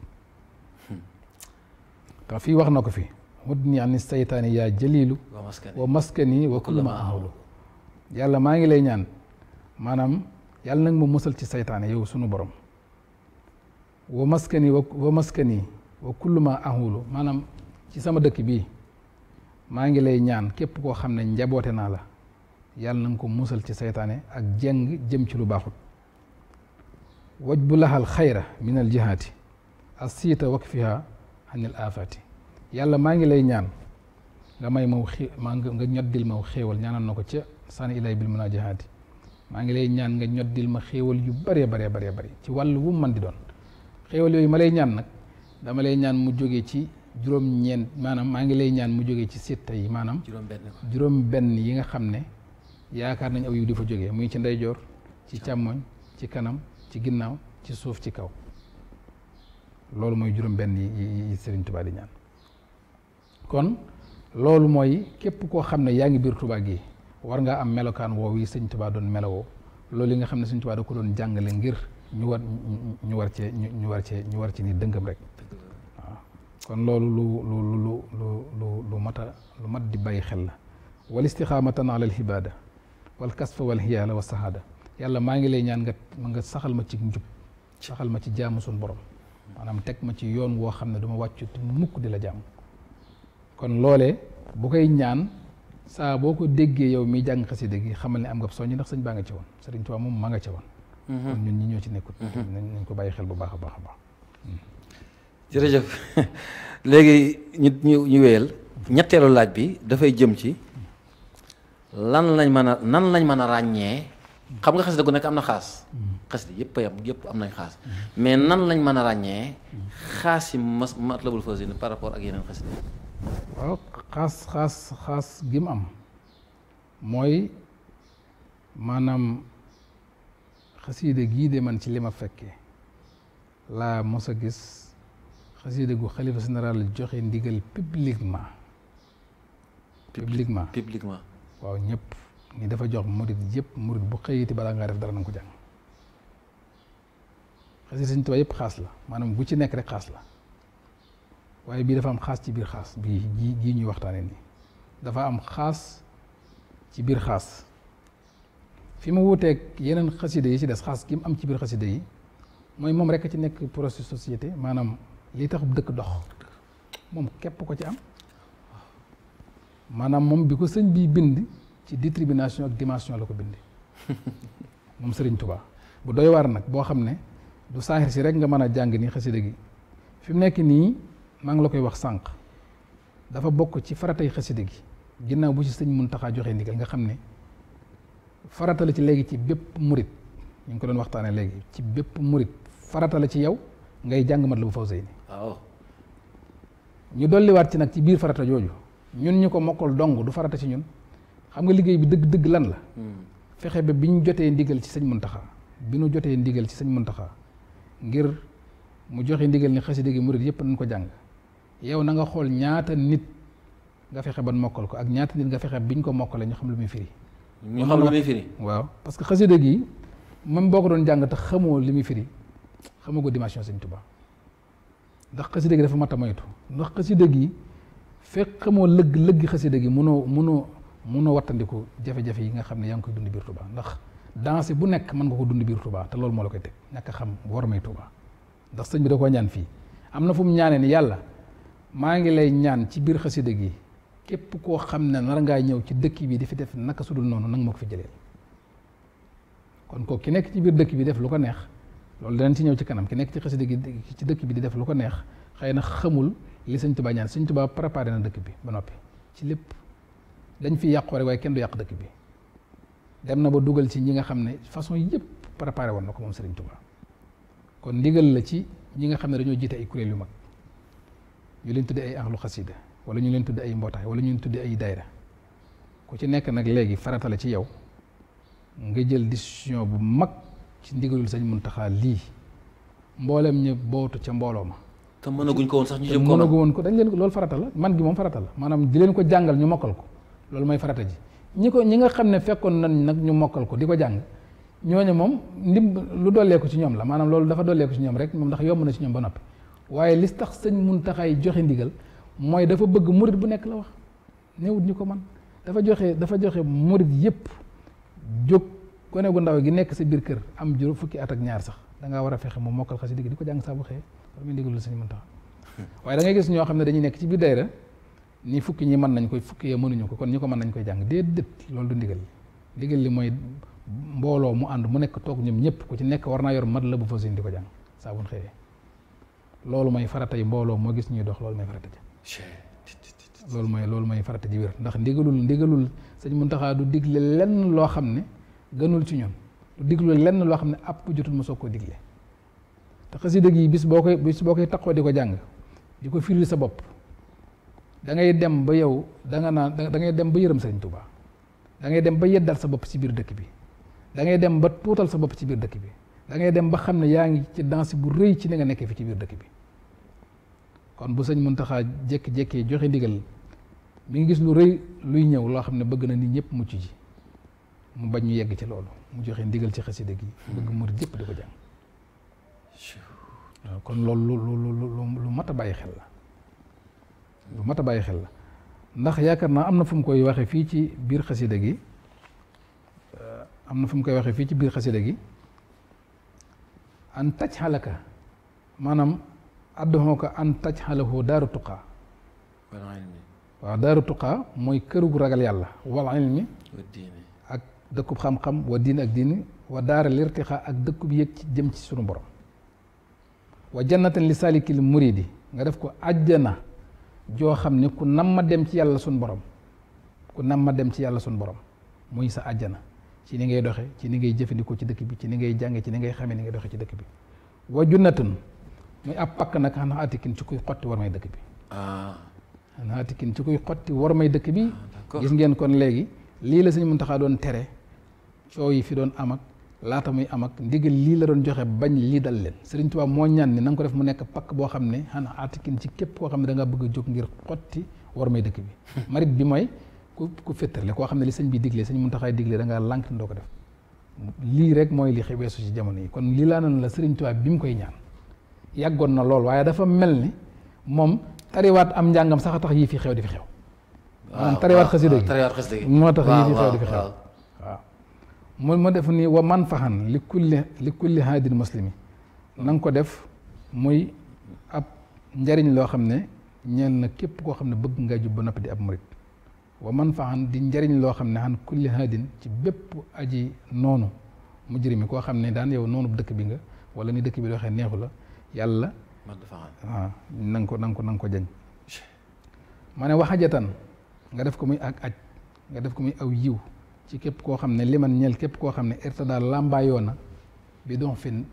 fii wax na ko fi mut ni ani seytaane yaa jalilu wa maskani wa kullu ma yàlla maa ngi lay ñaan maanaam yàlla nag ma musal ci seytaane yow sunu borom wa maskani wa wa maskani wa kullu ma ahulu maanaam ci sama dëkk bii maa ngi lay ñaan képp koo xam ne njaboote naa la yàlla na ko musal ci seytaane ak jeng jëm ci lu baaxut waj bu laxal xayra min al jihaati asiita wakfiha anil afaati yàlla maa ngi lay ñaan nga may maw xi maa nga ñoddil maw xéewal ñaanal na ko ca san ihsaan ilay a munaajahaati maa ngi lay ñaan nga ñoddil ma xéewal yu bëree baree baree bëri ci wàllu wu man di doon xéewal yooyu ma lay ñaan nag dama lay ñaan mu jóge ci juróom-ñeent maanaam maa ngi lay ñaan mu jóge ci sitta yi maanaam juróom-benn yi nga xam ne yaakaar nañ aw yiw di fa jógee muy ci ndeyjoor ci càmmoñ ci kanam ci ginnaaw ci suuf ci kaw loolu mooy juróom-benn yi Sëriñ Tuubaa yi ñaan kon loolu mooy képp koo xam ne yaa ngi biir Tuubaa gi war ngaa am melokaan woow yi sëñ Tuubaa doon melowoo loolu yi nga xam ne sëñ Tuubaa da ko doon jàngale ngir ñu war ñu war cee ñu war cee ñu war ci nii dënkam rek waaw kon loolu lu lu lu lu lu lu mat a lu mat di bàyyi xel la wal istixaamatan ala alhibaada wal kasfa wal hiyaala wa sahaada yàlla maa ngi lay ñaan nga nga saxal ma ci njub saxal ma ci jàmm suñu borom maanaam teg ma ci yoon woo xam ne du ma wàccu mukk di la jàmm kon loolee bu koy ñaan saa boo ko déggee yow miy jàng xasida gi xamal ne am nga soññi ndax sëñ baa nga ca woon sëriñ Tuubaa moom maa nga ca woon mhm. kon ñun ñi ñoo ci nekkut mhm. ko bàyyi bu baax a baax a mhm.
léegi ñu ñu ñu wéyal ñetteelu laaj bi dafay jëm ci lan lañ mën a nan lañ mën a ràññee xam nga xasida ko nekk am na xaas xasida yëpp a yam yëpp am nañ xaas mais nan lañ mën a ràññee xaas yi mas Matlabul Fawzayni par rapport ak yeneen xasida
waaw xaas xaas xaas gi mu am mooy maanaam xasiida gii de man ci li ma fekkee laa mos a gis xasiida gu xalifa général joxe ndigal publiquement publiquement publiquement waaw ñëpp ni dafa jox murit yëpp murit bu xëyiti balaa ngaa def dara na nga ko jàng xasiida Sëñ Tuubaa yëpp xaas la maanaam gu ci nekk rek xaas la waaye bii dafa am xaas ci biir xaas bii ji jii ñuy waxtaanee nii dafa am xaas ci biir xaas fi mu wuuteeg yeneen xaside yi ci des xaas ki mu am ci biir xaside yi mooy moom rekk ci nekk projet société maanaam li tax dëkk dox moom képp ko ci am maanaam moom bi ko sëñ bii bind ci détermination ak dimension la ko bind moom sëriñ tubaa bu doy war nag boo xam ne du saaxir si rek nga mën a jàng ni xaside gi fi nekk nii maa ngi la koy wax sànq dafa bokk ci faratay xasida gi ginnaaw bu ci sëñ Muntaxa joxe ndigal nga xam ne farata la ci léegi ci bépp murit ñu ngi ko doon waxtaanee léegi ci bépp murit farata la ci yow ngay jàng Matlabul Fawzayni waaw ñu dolliwaat ci nag ci biir farata jooju ñun ñu ko mokkal dong du farata ci ñun xam nga liggéey bi dëgg-dëgg lan la hmm. fexe ba bi ñu jotee ndigal ci sëñ muntaxaa bi ñu jotee ndigal ci sëñ Muntaxa ngir mu joxe ndigal ni xasida gi murit yëpp nañ ko jàng yow na nga xool ñaata nit nga fexe ban mokkal ko ak ñaata nit nga fexe bi biñ ko mokkale ñu xam lu muy firi. ñu xam lu muy firi. waaw parce que xasida gi même boo ko doon jàng xamoo li muy firi xamoo ko dimension Sëñ Tuubaa ndax xasida gi dafa mat moytu ndax xasida gi fekk xamoo lëgg lëgg xasida gi mënoo mënoo mënoo wattandiku jafe-jafe yi nga xam ne yaa ngi koy dund biir Tuubaa ndax danse bu nekk mën nga ko dund biir Tuubaa te loolu moo la koy teg ñàkk xam war may Tuubaa ndax sëñ bi da koo ñaan fii am na fu mu yàlla maa ngi lay ñaan ci biir xasida gi képp koo xam ne nar ngaa ñëw ci dëkk bii di fi def naka su dul noonu nag ma ko fi jëlee kon ko ki nekk ci biir dëkk bi def lu ko neex loolu danañ ci ñëw ci kanam ki nekk ci xasida gi ci dëkk bi di def lu ko neex xëy na xamul li sëñ Tuubaa ñaan sëñ Tuubaa préparé na dëkk bi ba noppi ci lépp dañ fi yàqoo rek waaye kenn du yàq dëkk bi dem na ba dugal ci ñi nga xam ne façon yëpp préparé woon na ko moom sëriñ Tuubaa kon ndigal la ci ñi nga xam ne dañoo jiite ay kuréel yu mag ñu leen tudde ay ahlu xasida wala ñu leen tudde ay mbootaay wala ñu leen tudde ay dayra ku ci nekk nag léegi farata la ci yow nga jël décision bu mag ci ndigalul mun Muntaxa lii mboolem ñu bootu ca mbooloo ma te mënaguñ ko woon sax ñu jëm ko mënagu woon ko dañ leen ko loolu farata man gi moom farata la maanaam di leen ko jàngal ñu mokkal ko loolu mooy farata ji ñi ko ñi nga xam ne fekkoon nañ nag ñu mokkal ko di ko jàng ñooñu moom ndim lu dolleeku ci ñoom la maanaam loolu dafa dolleeku ci ñoom re moom ndax yomb na ci ñoom ba noppi waaye li tax sëñ ay joxe ndigal mooy dafa bëgg murit bu nekk la wax néewut ñu ko man dafa joxe dafa joxe murit yépp jóg gone gu ndaw gi nekk sa biir kër am juróom fukki at ak ñaar sax da ngaa war a fexe moom mokkal xasida gi di ko jàng saa bu xëyee war muy ndigalul sëñ Muntaxa waaye da ngay gis xam ne dañuy nekk ci biir dayra ni fukki ñi mën nañ koy fukki yee mënuñu ko kon ko mën nañ koy jàng déedéet loolu du ndigal li ndigal li mooy mbooloo mu ànd mu nekk toog ñoom ñëpp ku ci nekk war naa yor mat la bu fa di ko jàng saabu bu loolu mooy farata yi mbooloo moo gis ñuy dox loolu mooy farata ji loolu mooy loolu mooy farata ji wér ndax ndigalul ndigalul sëñ Muntaxa du digle lenn loo xam ne gënul ci ñun du digle lenn loo xam ne ab jotul mu soog koo digle te dëgg yi bis boo koy bis boo koy taxoo di ko jàng di ko firil sa bopp da ngay dem ba yow danga naan da ngay dem ba yërëm sëriñ Tuubaa da ngay dem ba yeddal sa bopp ci biir dëkk bi dangay dem ba tuutal sa bopp ci biir dëkk bi dangay dem ba xam ne yaa ngi ci danse bu rëy ci ni nga nekkee fi ci biir dëkk bi kon bu sëñ Muntaxa jékki-jékkee joxe ndigal mi ngi gis lu rëy luy ñëw loo xam ne bëgg na nit ñëpp mucc ji mu bañ ñu yegg ci loolu mu joxe ndigal ci xasida gi bëgg murit jëpp di ko jàng kon loolu lu mat a bàyyi xel la lu mat a bàyyi xel la ndax yaakaar naa am na fu mu koy waxee fii ci biir xasida gi am na fu mu koy waxee fii ci biir xasida gi an taj xalaka maanaam addoxoo ko an taj xalakoo daaru tuqaa waaw daaru tuqaa mooy kërug ragal yàlla wal ilmi ak dëkkub xam-xam wa diin ak diini wa daara lirtixa ak dëkkub yëg ci jëm ci sunu borom wa jannatan li salikil muridi nga def ko àjjana joo xam ne ku nam ma dem ci yàlla sunu borom ku nam ma dem ci yàlla sunu borom muy sa àjjana ci ni ngay doxe ci ni ngay jëfandikoo ci dëkk bi ci ni ngay jànge ci ni ngay xamee ni ngay doxe ci dëkk bi wa junnatun muy ab pakk nag xanaa atikin ci kuy xotti war may dëkk bi ah. xanaa atikin ci kuy xotti war may dëkk bi ah, gis ngeen kon léegi lii la Sëñ Muntaxa doon tere coow yi fi doon am ak laata muy am ak ndigal lii la doon joxe bañ lii dal leen Sëriñ Tuubaa moo ñaan ni na ko def mu nekk pakk boo xam ne xanaa atikin ci képp koo xam ne da bëgg a jóg ngir xotti war may dëkk bi marit bi mooy ku ku féttarle koo xam ne li sañ bi diglee sañ Muntaxa diglee da ngaa lànk doo ko def lii rek mooy li weesu ci jamono yi kon lii laa nan la Sëriñ Tuubaa bi mu koy ñaan yàggoon na lool waaye dafa mel ni moom tariwaat am njàngam sax a tax yii fi xew di fi xew
maanaam tariwaat xasida moo tax
mu ma def nii wa man faxan li kulli li kulli haadin nanga ko def muy ab njariñ loo xam ne ñeen na képp koo xam ne bëgg nga jub ba noppi di ab murit wa man faan di njariñ loo xam ne xan kulli haadin ci bépp aji noonu mu jërimi koo xam ne daan yow noonu dëkk bi nga wala ni dëkk bi doxee neexu la yàlla waaw na nga ko nan nga ko na ko jañ ma ne waxajatan nga def ko muy ak aj nga def ko muy aw yiw ci képp koo xam ne liman ñel képp koo xam ne irtadaal làmbaayoo na bi don fin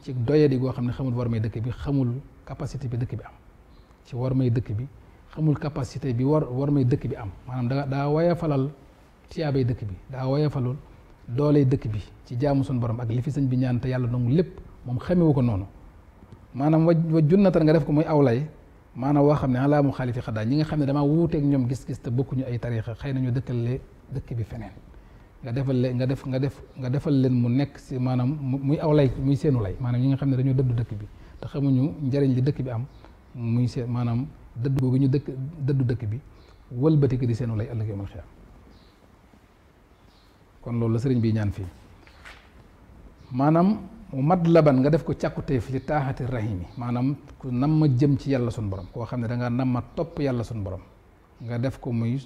ci doyadi goo xam ne xamul war may dëkk bi xamul capacité bi dëkk bi am ci war may dëkk bi amul capacité bi war war may dëkk bi am maanaam daa daa waya falal tiyaabay dëkk bi daa waya falul dooley dëkk bi ci jaamu sun borom ak li sëñ bi ñaan te yàlla nangu lépp moom xamewu ko noonu maanaam wa wa junnatar nga def ko muy awlay maanaam woo xam ne alaa mu xaalifi xaddaa ñi nga xam ne damaa wuuteeg ñoom gis-gis bokkuñu ay tariixa xëy nañu dëkkale dëkk bi feneen nga defal leen nga def nga def nga defal leen mu nekk si maanaam muy aw lay muy seenu lay maanaam ñi nga xam ne dañoo dëddu dëkk bi te xamuñu njariñ li dëkk bi am muy seen maanaam dëdd googu ñu dëkk dëddu dëkk bi wëlbati ko di seenu lay ëllëg yomal xiyaam kon loolu la sëriñ bi ñaan fii maanaam mu mat laban nga def ko càkku càkkuteef li taaxati rahimi maanaam ku nam ma jëm ci yàlla sun borom koo xam ne da nga nam ma topp yàlla sun borom nga def ko muy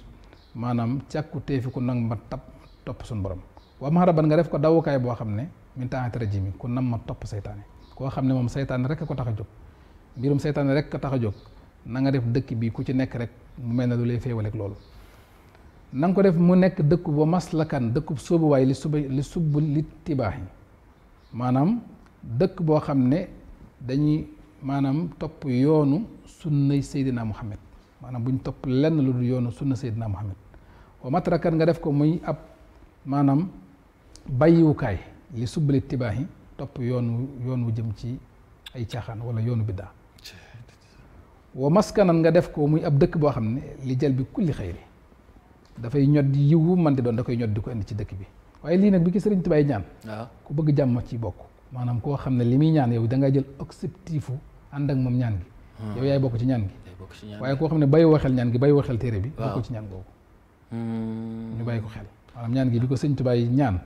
maanaam càkkuteefi ku nam ma tap topp sun borom waa maharaban nga def ko dawukaay boo xam ne min taaxati rajimi ku nam ma topp saytaane koo xam ne moom saytaane rek ko tax a jóg mbirum saytaane rek ko tax a jóg na nga def dëkk bi ku ci nekk rek mu mel ne lu lay féewaleeg loolu nanga ko def mu nekk dëkku ba maslakan dëkkub sóobuwaay li suba li subb li tibaaxi maanaam dëkk boo xam ne dañuy maanaam topp yoonu sunnay Seydina Muhammad maanaam buñ ñu topp lenn lu dul yoonu sunna Seydina Muhammad wa matrakan nga def ko muy ab maanaam bàyyiwukaay li subbali tibaaxi topp yoonu yoon wu jëm ci ay caaxaan wala yoonu biddaa wa maskanan nga def ko muy ab dëkk boo xam ne li jël bi kulli xëyri dafay ñod yiwu man di doon da koy ñod di ko indi ci dëkk bi waaye lii nag bi ki sëriñ Tuubaa ñaan ku bëgg jàmm ci bokk maanaam koo xam ne li muy ñaan yow da nga jël objectif ànd ak moom ñaan gi hmm. yow yaay bokk ci ñaan gi waaye koo xam ne bàyyi waxel ñaan gi bàyyi waxel téere bi bokk ci ñaan hmm. ñu bàyyi ko xel ñaan gi bi ko sëriñ Tuubaa ñaan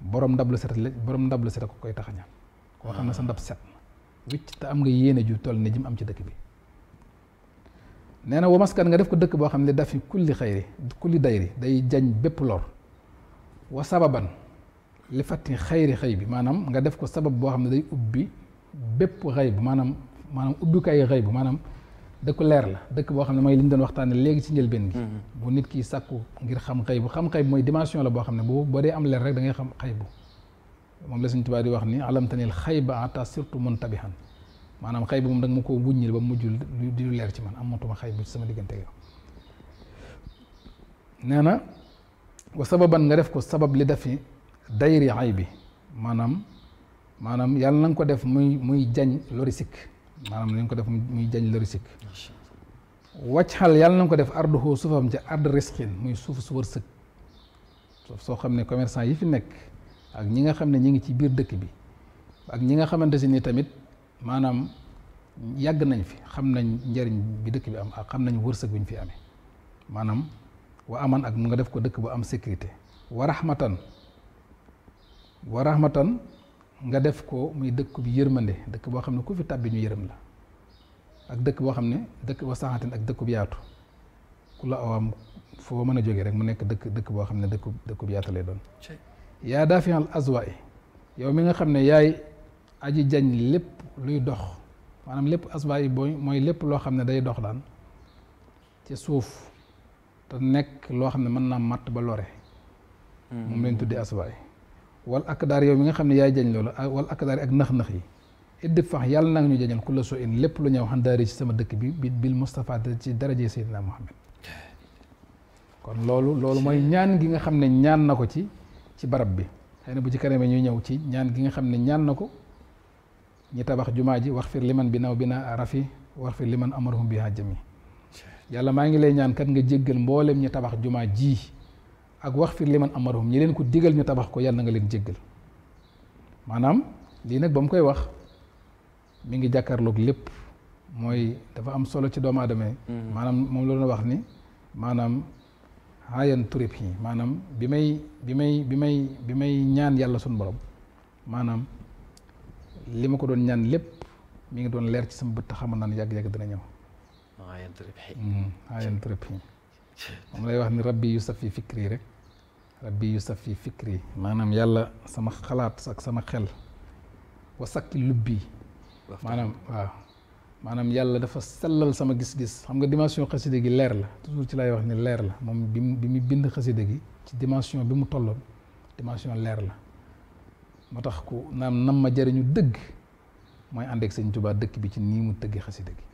borom ndab lu set la borom ndab lu set ko koy tax a ñaan koo xam ne sa ah. ndab set wicc te am nga yéene ju toll ne jim am ci dëkk bi nee na wa maskan nga def ko dëkk boo xam ne dafi kulli xayri kulli dayri day jañ bépp lor wa sababan li fatti xayri xëy bi maanaam nga def ko sabab boo xam ne day ubbi bépp xëy bu maanaam maanaam ubbikaayu xëy bu maanaam dëkku leer la dëkk boo xam ne mooy li ñu doon waxtaane léegi ci njëlbeen gi mm-hmm. bu nit ki sàkku ngir xam xëy bu xam xëy mooy dimension la boo xam ne boo boo dee am leer rek da ngay xam xëy bu moom la Sëñ Tuubaa yi wax ni alamtanil xëy ba ata surtout muntabihan maanaam xay bi moom da nga ma ko wuññil ba mu mujj di lu leer ci man amatuma xay bu ci sama diggante yow nee na wa sababan nga def ko sabab li dafi dayri xay bi maanaam maanaam yàlla na ko def muy muy jañ lori maanaam na ko def jañ lori sikk wàcc xal yàlla na ko def arduhu suufam ci muy suuf su wërsëg suuf soo xam ne commerçant yi fi nekk ak ñi nga xam ne ñi ngi ci biir dëkk bi ak ñi nga xamante si ni tamit maanaam yàgg nañ fi xam nañ njariñ bi dëkk bi am ak xam nañ wërsëg bi ñu fi amee maanaam wa aman ak mu nga def ko dëkk bu am sécurité wa rahmatan wa rahmatan nga def ko muy dëkk bi yërmande dëkk boo xam ne ku fi tàbbi ñu yërëm la ak dëkk boo xam ne dëkk wa saxatin ak dëkku bu yaatu ku la awaam foo mën a jógee rek mu nekk dëkk dëkk boo xam ne dëkk dëkk bu yaatu lay doon yaa daafial azwa yow mi nga xam ne yaay aji jañ lépp luy dox maanaam lépp asbaa yi booy mooy lépp loo xam ne day dox daan ci suuf te nekk loo xam ne mën naa matt ba lore moom lañ tuddee asbaa yi wal akdaar yow mi nga xam ne yaay jañ loolu ah, wal akdaar yi ak nax-nax yi iddi fax yàlla na ñu jañal ku la soo lépp lu ñëw xandaari ci sama dëkk bi bi bil Moustapha te ci daraje Seydina Muhammad kon loolu loolu mooy ñaan gi nga xam ne ñaan na ko ci ci barab bi xëy na bu ci kanamee ñuy ñëw ci ñaan gi nga xam ne ñaan na ko ñi tabax jumaa ji wax fir liman bi naw bi naa rafi wax fir liman amarahum biha jami yàlla maa ngi lay ñaan kat nga jéggal mboolem ñi tabax jumaa ji ak wax fir liman amarahum ñi leen ko digal ñu tabax ko yàlla nga leen jéggal maanaam lii nag ba mu koy wax mu ngi jàkkaarloog lépp mooy dafa am solo ci doomu aadama mm. maanaam moom la doon wax ni maanaam aayan turib yi maanaam bi may bi may bi may bi may ñaan yàlla suñu borom maanaam li ma ko doon ñaan lépp mi ngi doon leer ci sama bët xamal naan yàgg-yàgg dina ñëw aayan trëp hmm, moom lay wax ni rabbi yusaf yi fikri rek rabbi yusaf yi fikri maanaam yàlla sama xalaat ak sama xel wa sakki lubbi maanaam waaw maanaam yàlla dafa sellal sama gis-gis xam nga dimension xasida gi leer la toujours ci lay wax ni leer la moom bi mu bind xasida gi ci dimension bi mu tolloon dimension leer la moo tax ku naam nam ma jariñu dëgg mooy ànd ak sëñ Tuubaa dëkk bi ci nii mu tëggi xasida gi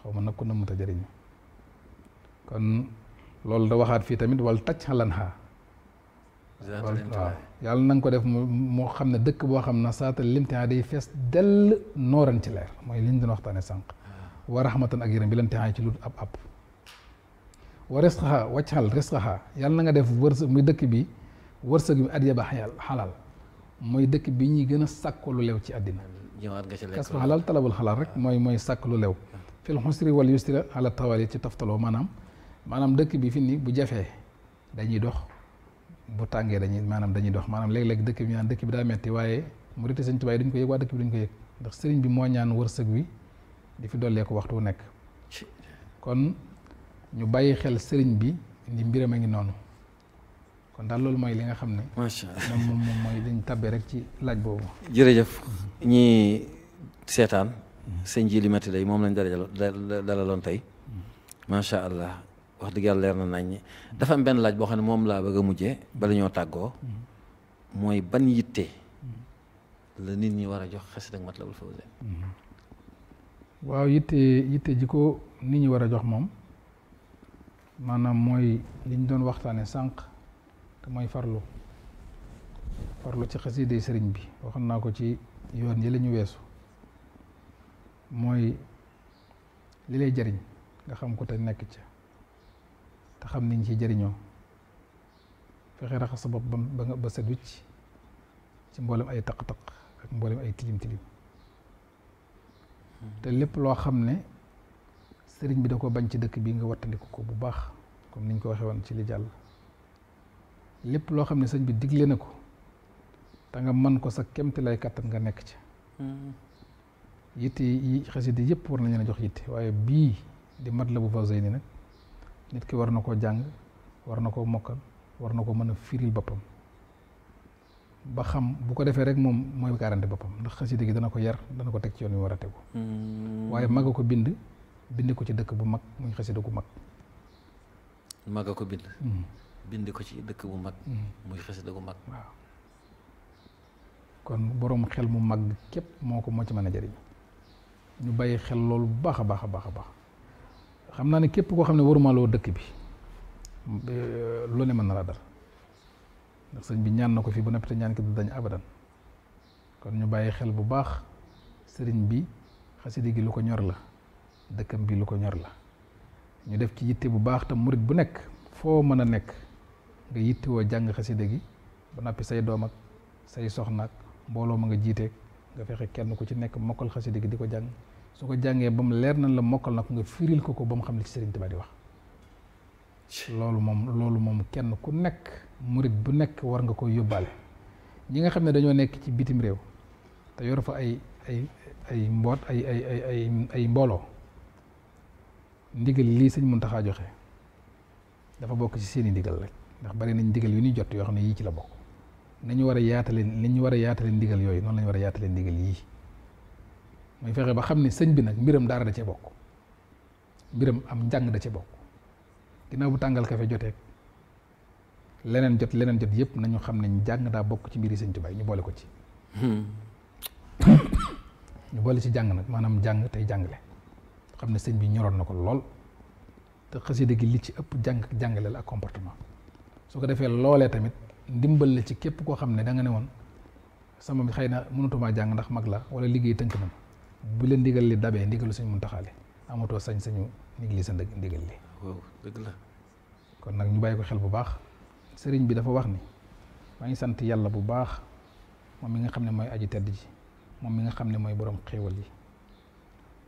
xaw ma nag ku nam ta jariñu kon loolu da waxaat fii tamit wal taj xalan xaa waaw yàlla na ko def moo xam ne dëkk boo xam ne saatal limtihaa day fees dell nooran ci leer mooy liñ doon waxtaane sànq ah. wa rahmatan ak yërëm bi leen ci lu ab ab wa risqaha wacc xal risqaha yàlla na nga def wërsëg muy dëkk bi wërsëg bi at yaba xalal mooy dëkk bi ñuy gën a sàkk lu lew ci àddina kas bu xalaal talabul xalaal rek mooy mooy sàkk lu lew fil xusri wal yusri ala tawali ci toftaloo maanaam maanaam dëkk bi fi ni bu jafee dañuy dox bu tàngee dañuy maanaam dañuy dox maanaam léeg-léeg dëkk bi ñaan dëkk bi daa metti waaye mu rite sëñ tubaay duñ ko yëg waa dëkk bi duñ ko yëg ndax sëriñ bi moo ñaan wërsëg wi di fi dollee ko waxtu wu nekk kon ñu bàyyi xel sëriñ bi ni mbiram a ngi noonu kon daal loolu mooy li nga xam ne. macha allah moom moom mooy dañ tabbee rek ci laaj boobu.
jërëjëf ñi seetaan. sëñ ji lay moom lañ dalaloon dalaloon tey. macha allah wax dëgg yàlla leer na nañ dafa am benn laaj boo xam ne moom laa bëgg a mujjee bala ñoo tàggoo. mooy ban yitte. la nit ñi war a jox xasida ak Matlabul Fawzayni.
waaw yitte yitte ji nit ñi war a jox moom maanaam mooy li doon waxtaanee sànq. mooy farlu farlu ci xasiiday sëriñ bi waxoon naa ko ci yoon yi la ñu weesu mooy li lay jariñ nga xam ko te nekk ca te xam niñ ci jariñoo fexe raxas sa bopp ba nga ba sa wicc ci mboolem ay taq-taq ak mboolem ay tilim-tilim hmm. te lépp loo xam ne sëriñ bi da ko bañ ci dëkk bii nga wattandiku ko bu baax comme niñ ko waxee ci li jàll lépp loo xam ne sëñ bi digle na ko te nga man ko sa kemti lay kàttan nga nekk ci mm-hmm. yitte yi xasida yëpp war nañu leen a jox yitte waaye bii di mat la bu faw sëy ni nag nit ki war na koo jàng war na ko mokkal war na ko mën a firil boppam ba xam bu ko defee rek moom mooy garanti boppam ndax xasida gi dana ko yar dana ko teg ci yoon war a tegu mm-hmm. waaye mag a ko bind bind ko ci dëkk bu mag muy xasida gu mag
mag a ko bind mm-hmm. bind ko ci dëkk bu mag mm. muy xasida gu mag waaw
kon boroom xel mu mag képp moo ko moo ci mën a jariñ ñu bàyyi xel loolu baax a baax a baax a baax xam naa ne képp koo xam ne warumaaloo dëkk bi lu ne mën na la dara ndax sëñ bi ñaan na ko fii bu noppi te ñaan ki du dañ abadan kon ñu bàyyi xel bu baax sëriñ bi xasida gi lu ko ñor la dëkkam bi lu ko ñor la ñu def ci yitte bu baax te murit bu nekk foo mën a nekk nga yittewoo jàng xasida gi ba noppi say doom ak say soxna ak mbooloo ma nga jiiteeg nga fexe kenn ku ci nekk mokkal xasida gi di ko jàng su ko jàngee ba mu leer nañ la mokkal na ko nga firil ko ko ba mu xam ne ci Sëriñ Tuubaa di wax loolu moom kenn ku nekk murit bu nekk war nga ko yóbbaale ñi nga xam ne dañoo nekk ci bitim réew te yor fa ay ay ay mboot ay ay ay ay ay mbooloo ndigal lii sëñ Muntaxa joxe dafa bokk ci seeni ndigal rek ndax bari nañ ndigal yu ñuy jot yoo xam ne yii ci la bokk nañu war a yaatale li ñu war a yaatale ndigal yooyu noonu la ñu war a yaatale ndigal yii muy fexe ba xam ne sëñ bi nag mbiram daara da cee bokk mbiram am njàng da cee bokk ginnaaw bu tàngal kafe jotee leneen jot leneen jot yëpp nañu xam ne jàng daa bokk ci mbiri sëñ Tuubaa ñu boole ko ci hmm. ñu boole ci jàng nag maanaam jàng tey jàngale xam ne sëñ bi ñoroon na ko lool te xasida gi li ci ëpp jàng jàngale la ak comportement su ko defee loolee tamit ndimbal la ci képp koo xam ne danga ne woon sama xëy na mënatumaa jàng ndax mag la wala liggéey tënk na bu leen ndigal li dabee ndigalu suñ mun taxaale amatoo sañ-sañu nigli sa ndigal li. waaw dëgg la. kon nag ñu bàyyi ko xel bu baax sëriñ bi dafa wax ni maa ngi sant yàlla bu baax moom mi nga xam ne mooy aju tedd ji moom mi nga xam ne mooy borom xéewal yi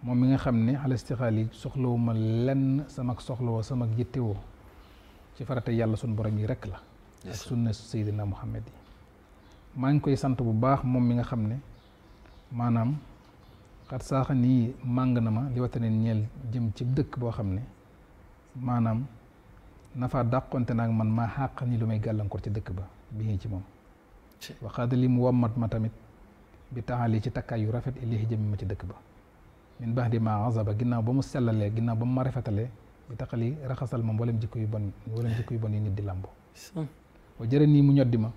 moom mi nga xam ne alastixaal yi soxlawuma lenn sama soxlawoo sama yittewoo ci farata yàlla sunu borom yi rek la. ak sunna Seydina Muhammad yi. maa ngi koy sant bu baax moom mi nga xam ne maanaam xat saaxa ni màng na ma li waxtaanee ñeel jëm ci dëkk boo xam ne maanaam nafa dàqonte naa man maa xàq ni lu may gàllankoor ci dëkk ba bi ci moom. waxaat li mu wammat ma tamit bi taxali ci takkaay yu rafet illee jëmmi ma ci dëkk ba. min baax di ma azaba ginnaaw ba mu sellalee ginnaaw ba mu ma rafetalee taxali raxasal ma mboolem jikko yu bon mboolem jikko yu bon yi nit di làmbo wa jërë nii mu ñoddi ma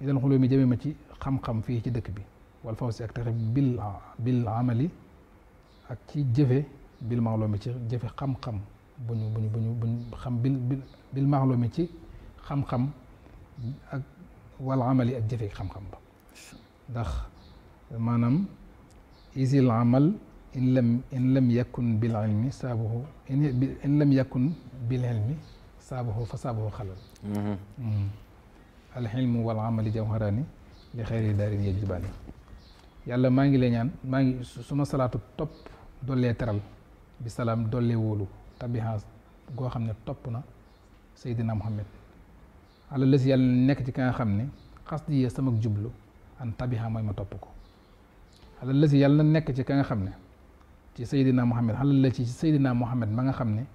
i dal xuloo mi jëme ma ci xam-xam fii ci dëkk bi wal faw si ak texe bil amali ak ci jëfe bil mi ci jëfe xam-xam bu ñu bu bu ñu bu ñu xam bil bil maxloo mi ci xam-xam ak wal amali ak jëfe xam-xam ba ndax maanaam isil amal in lam in lam yakun bil ilmi saabahu in lam yakun bil ilmi al ilmu wal amali li xayri daarin yajibaani yàlla maa ngi lay ñaan maa ngi suma salaatu topp dollee teral bi salaam dollee wóolu tabihaas goo xam ne topp na Seydina Muhammad ala lës yàlla nekk ci ka nga xam ne xas di sama jublu an tabiha mooy ma topp ko ala lës yàlla nekk ci ka nga xam ne ci Seydina Muhammad xalal la ci Seydina Muhammad ma nga xam ne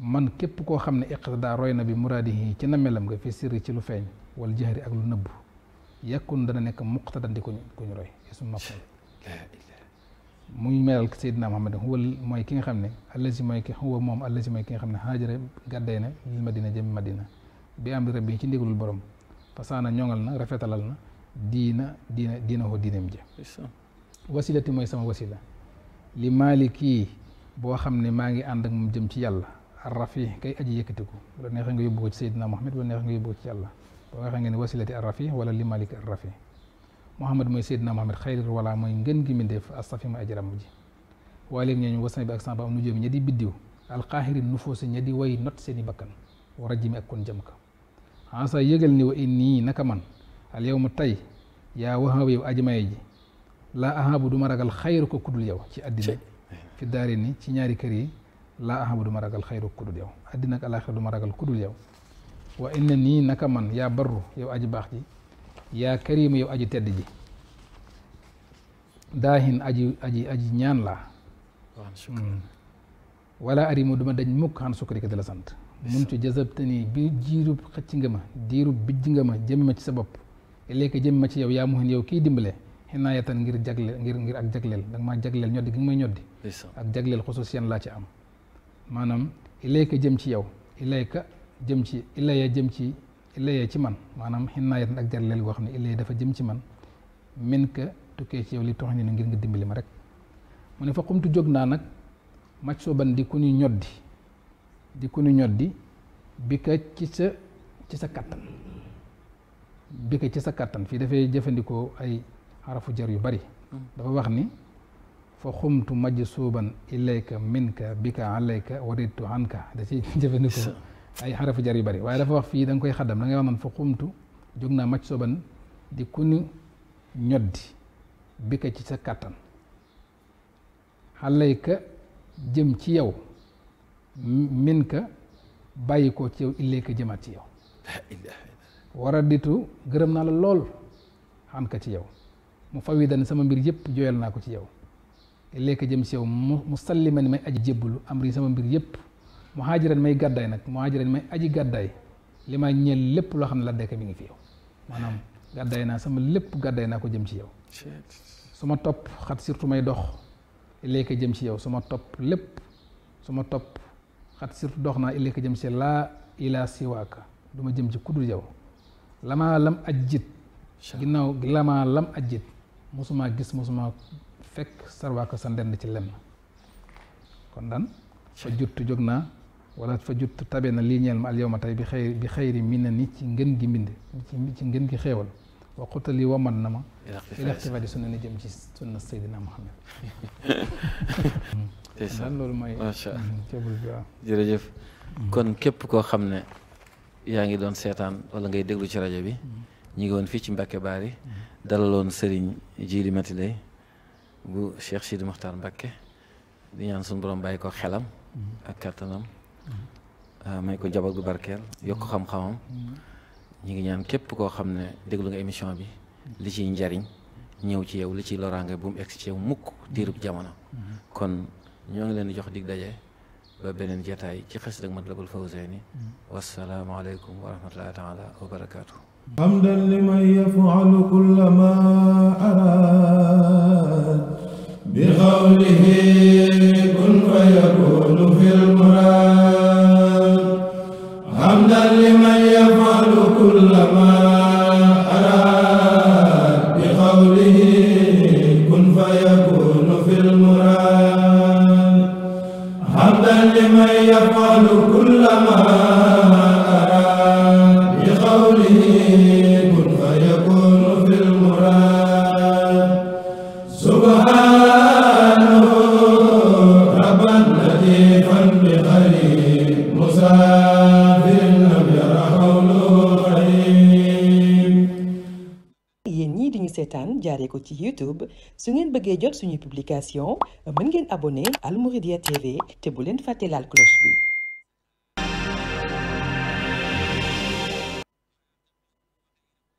man képp koo xam ne iqtidaa roy na bi muraadihi ci namelam nga fi sirri ci lu feeñ wal jahri ak lu nëbb yàkkun dana nekk muqtadan di ko ñu ko ñu roy mu ngi muy melal Seydina Muhammad huwa mooy ki nga xam ne allazi mooy ki moom allazi mooy ki nga xam ne haajara gàdday na lil madina jëm madina bi am rabbi ci ndigalul borom fasaana ñoŋal na rafetalal na diina diina diina hoo diinam ja wasilati mooy sama wasila li maaliki boo xam ne maa ngi ànd ak moom jëm ci yàlla arrafi kay aji yëkkatiku bu la neexee nga yóbbu ko ci Seydina Muhammad bu la neexee nga yóbbu ko ci yàlla boo waxee nga ne wasilati arrafi wala li maaliki arrafi Muhammad mooy Seydina Muhammad xayrir wala mooy ngën gi mindeef astafi ma ajaram ji waaye léegi ñu wasan bi ak san ba am nu jóomi ña di biddiw alqaahiri nufuusi ña di way not seeni i bakkan wa rajimi ak kon jëm ka ansa yëgal ni wa inni naka man al yow mu tey yaa laa ahabu du ma ragal xayru ko kudul yow ci àddina fi daari ci ñaari kër yi laa ahabu du ma ragal xayru ko kudul yow àddina ak alaxira du ma ragal kudul yow wa inna nii naka man ya barru yow aji baax ji yaa karimu yow aji tedd ji daahin aji aji aji ñaan laa mm. wala arimu duma dañ mukk xan sukkari ko di la sant mun ci jazabte nii bi nga ma diirub bijj nga ma jëm ma ci sa bopp léegi jëm ma ci yow yaa muhin yow kii dimbale xinaayatan ngir jagleel ngir ngir ak jagleel da nga maa jagleel ñoddi gi nga may ñoddi ak jagleel seen laa ci am maanaam ilayka jëm ci yow ilayka jëm ci ilaya jëm ci ilaya ci man maanaam xinaayatan ak jagleel goo xam ne ilaya dafa jëm ci man min ka tukkee ci yow li tox ni ngir nga dimbali ma rek mu ne fa xumtu jóg naa nag mac sooban di ku ñu ñoddi di ku ñu ñoddi bi ci sa ci sa kattan bi ci sa kattan fii dafay jëfandikoo ay xarafu jar yu bari dafa wax ni fa xumtu majsuuban ilayka minka bika alayka waridtu anka da ci jëfandikoo ay xarafu jar yu bari waaye dafa wax fii danga koy xaddam da ngay wax naan fa xumtu jóg naa majsuuban di ku ñu ñoddi bika ci sa kàttan alayka jëm ci yow minka bàyyikoo ko ci yow ilayka jëmaat ci yow waraditu gërëm naa la lool xanka ci yow mu fawidan sama mbir yëpp jooyal naa ko ci yow léegi jëm si yow mu musalliman may aji jébbalu amri sama mbir yëpp mu haajiran may gàddaay nag mu haajiran may aji gàddaay li ma ñeel lépp loo xam ne la dekk mi ngi fi yow maanaam gàddaay naa sama lépp gàddaay naa ko jëm ci yow su ma topp xat surtout may dox léegi jëm ci yow suma topp lépp su ma topp xat surtout dox naa léegi jëm si laa ilaa siwaaka du ma jëm ci kudul yow lamaa lam ajjit ginnaaw lamaa lam ajjit mosuma gis mosuma fekk sarwaaka sa ndend ci lem kon dan fa juttu jóg naa wala fa juttu tabe na lii ñeel ma al yow ma tey bi xëy mi na ni ci ngën gi mbind ci ngën gi xéewal wa xutali wamat na ma ilextifa di sunna ni jëm ci sunna Seydina Muhammad dan loolu mooy cebul bi waaw
mm-hmm. kon képp koo xam ne yaa ngi doon seetaan wala ngay déglu ci rajo bi mm-hmm. ñi ngi woon fii ci Mbacke baari dalaloon Serigne Djili Matilay bu Cheikh Sidi Mokhtar Mbacke di ñaan suñu borom bàyyi ko xelam ak kattanam ah, may ko jabar gu barkeel yokk xam-xamam ñi ngi ñaan képp koo xam ne déglu nga émission bi li ciy njariñ ñëw ci yow li ciy loraange bu mu egg ci yow mukk diirub jamono kon ñoo ngi leen di jox dig daje ba beneen jataay ci xes dag Matlabul Fawzayni wasalaamualeykum wa rahmatullahi taala wa barakaatu
حمدا لمن يفعل كل ما أراد بقوله كن فيكون في المراد حمدا لمن يفعل كل ما
jaaree ko ci YouTube su ngeen bëggee jot suñuy publication mën ngeen abonné Al Mouridiyyah TV te bu leen fàtte laal cloche bi.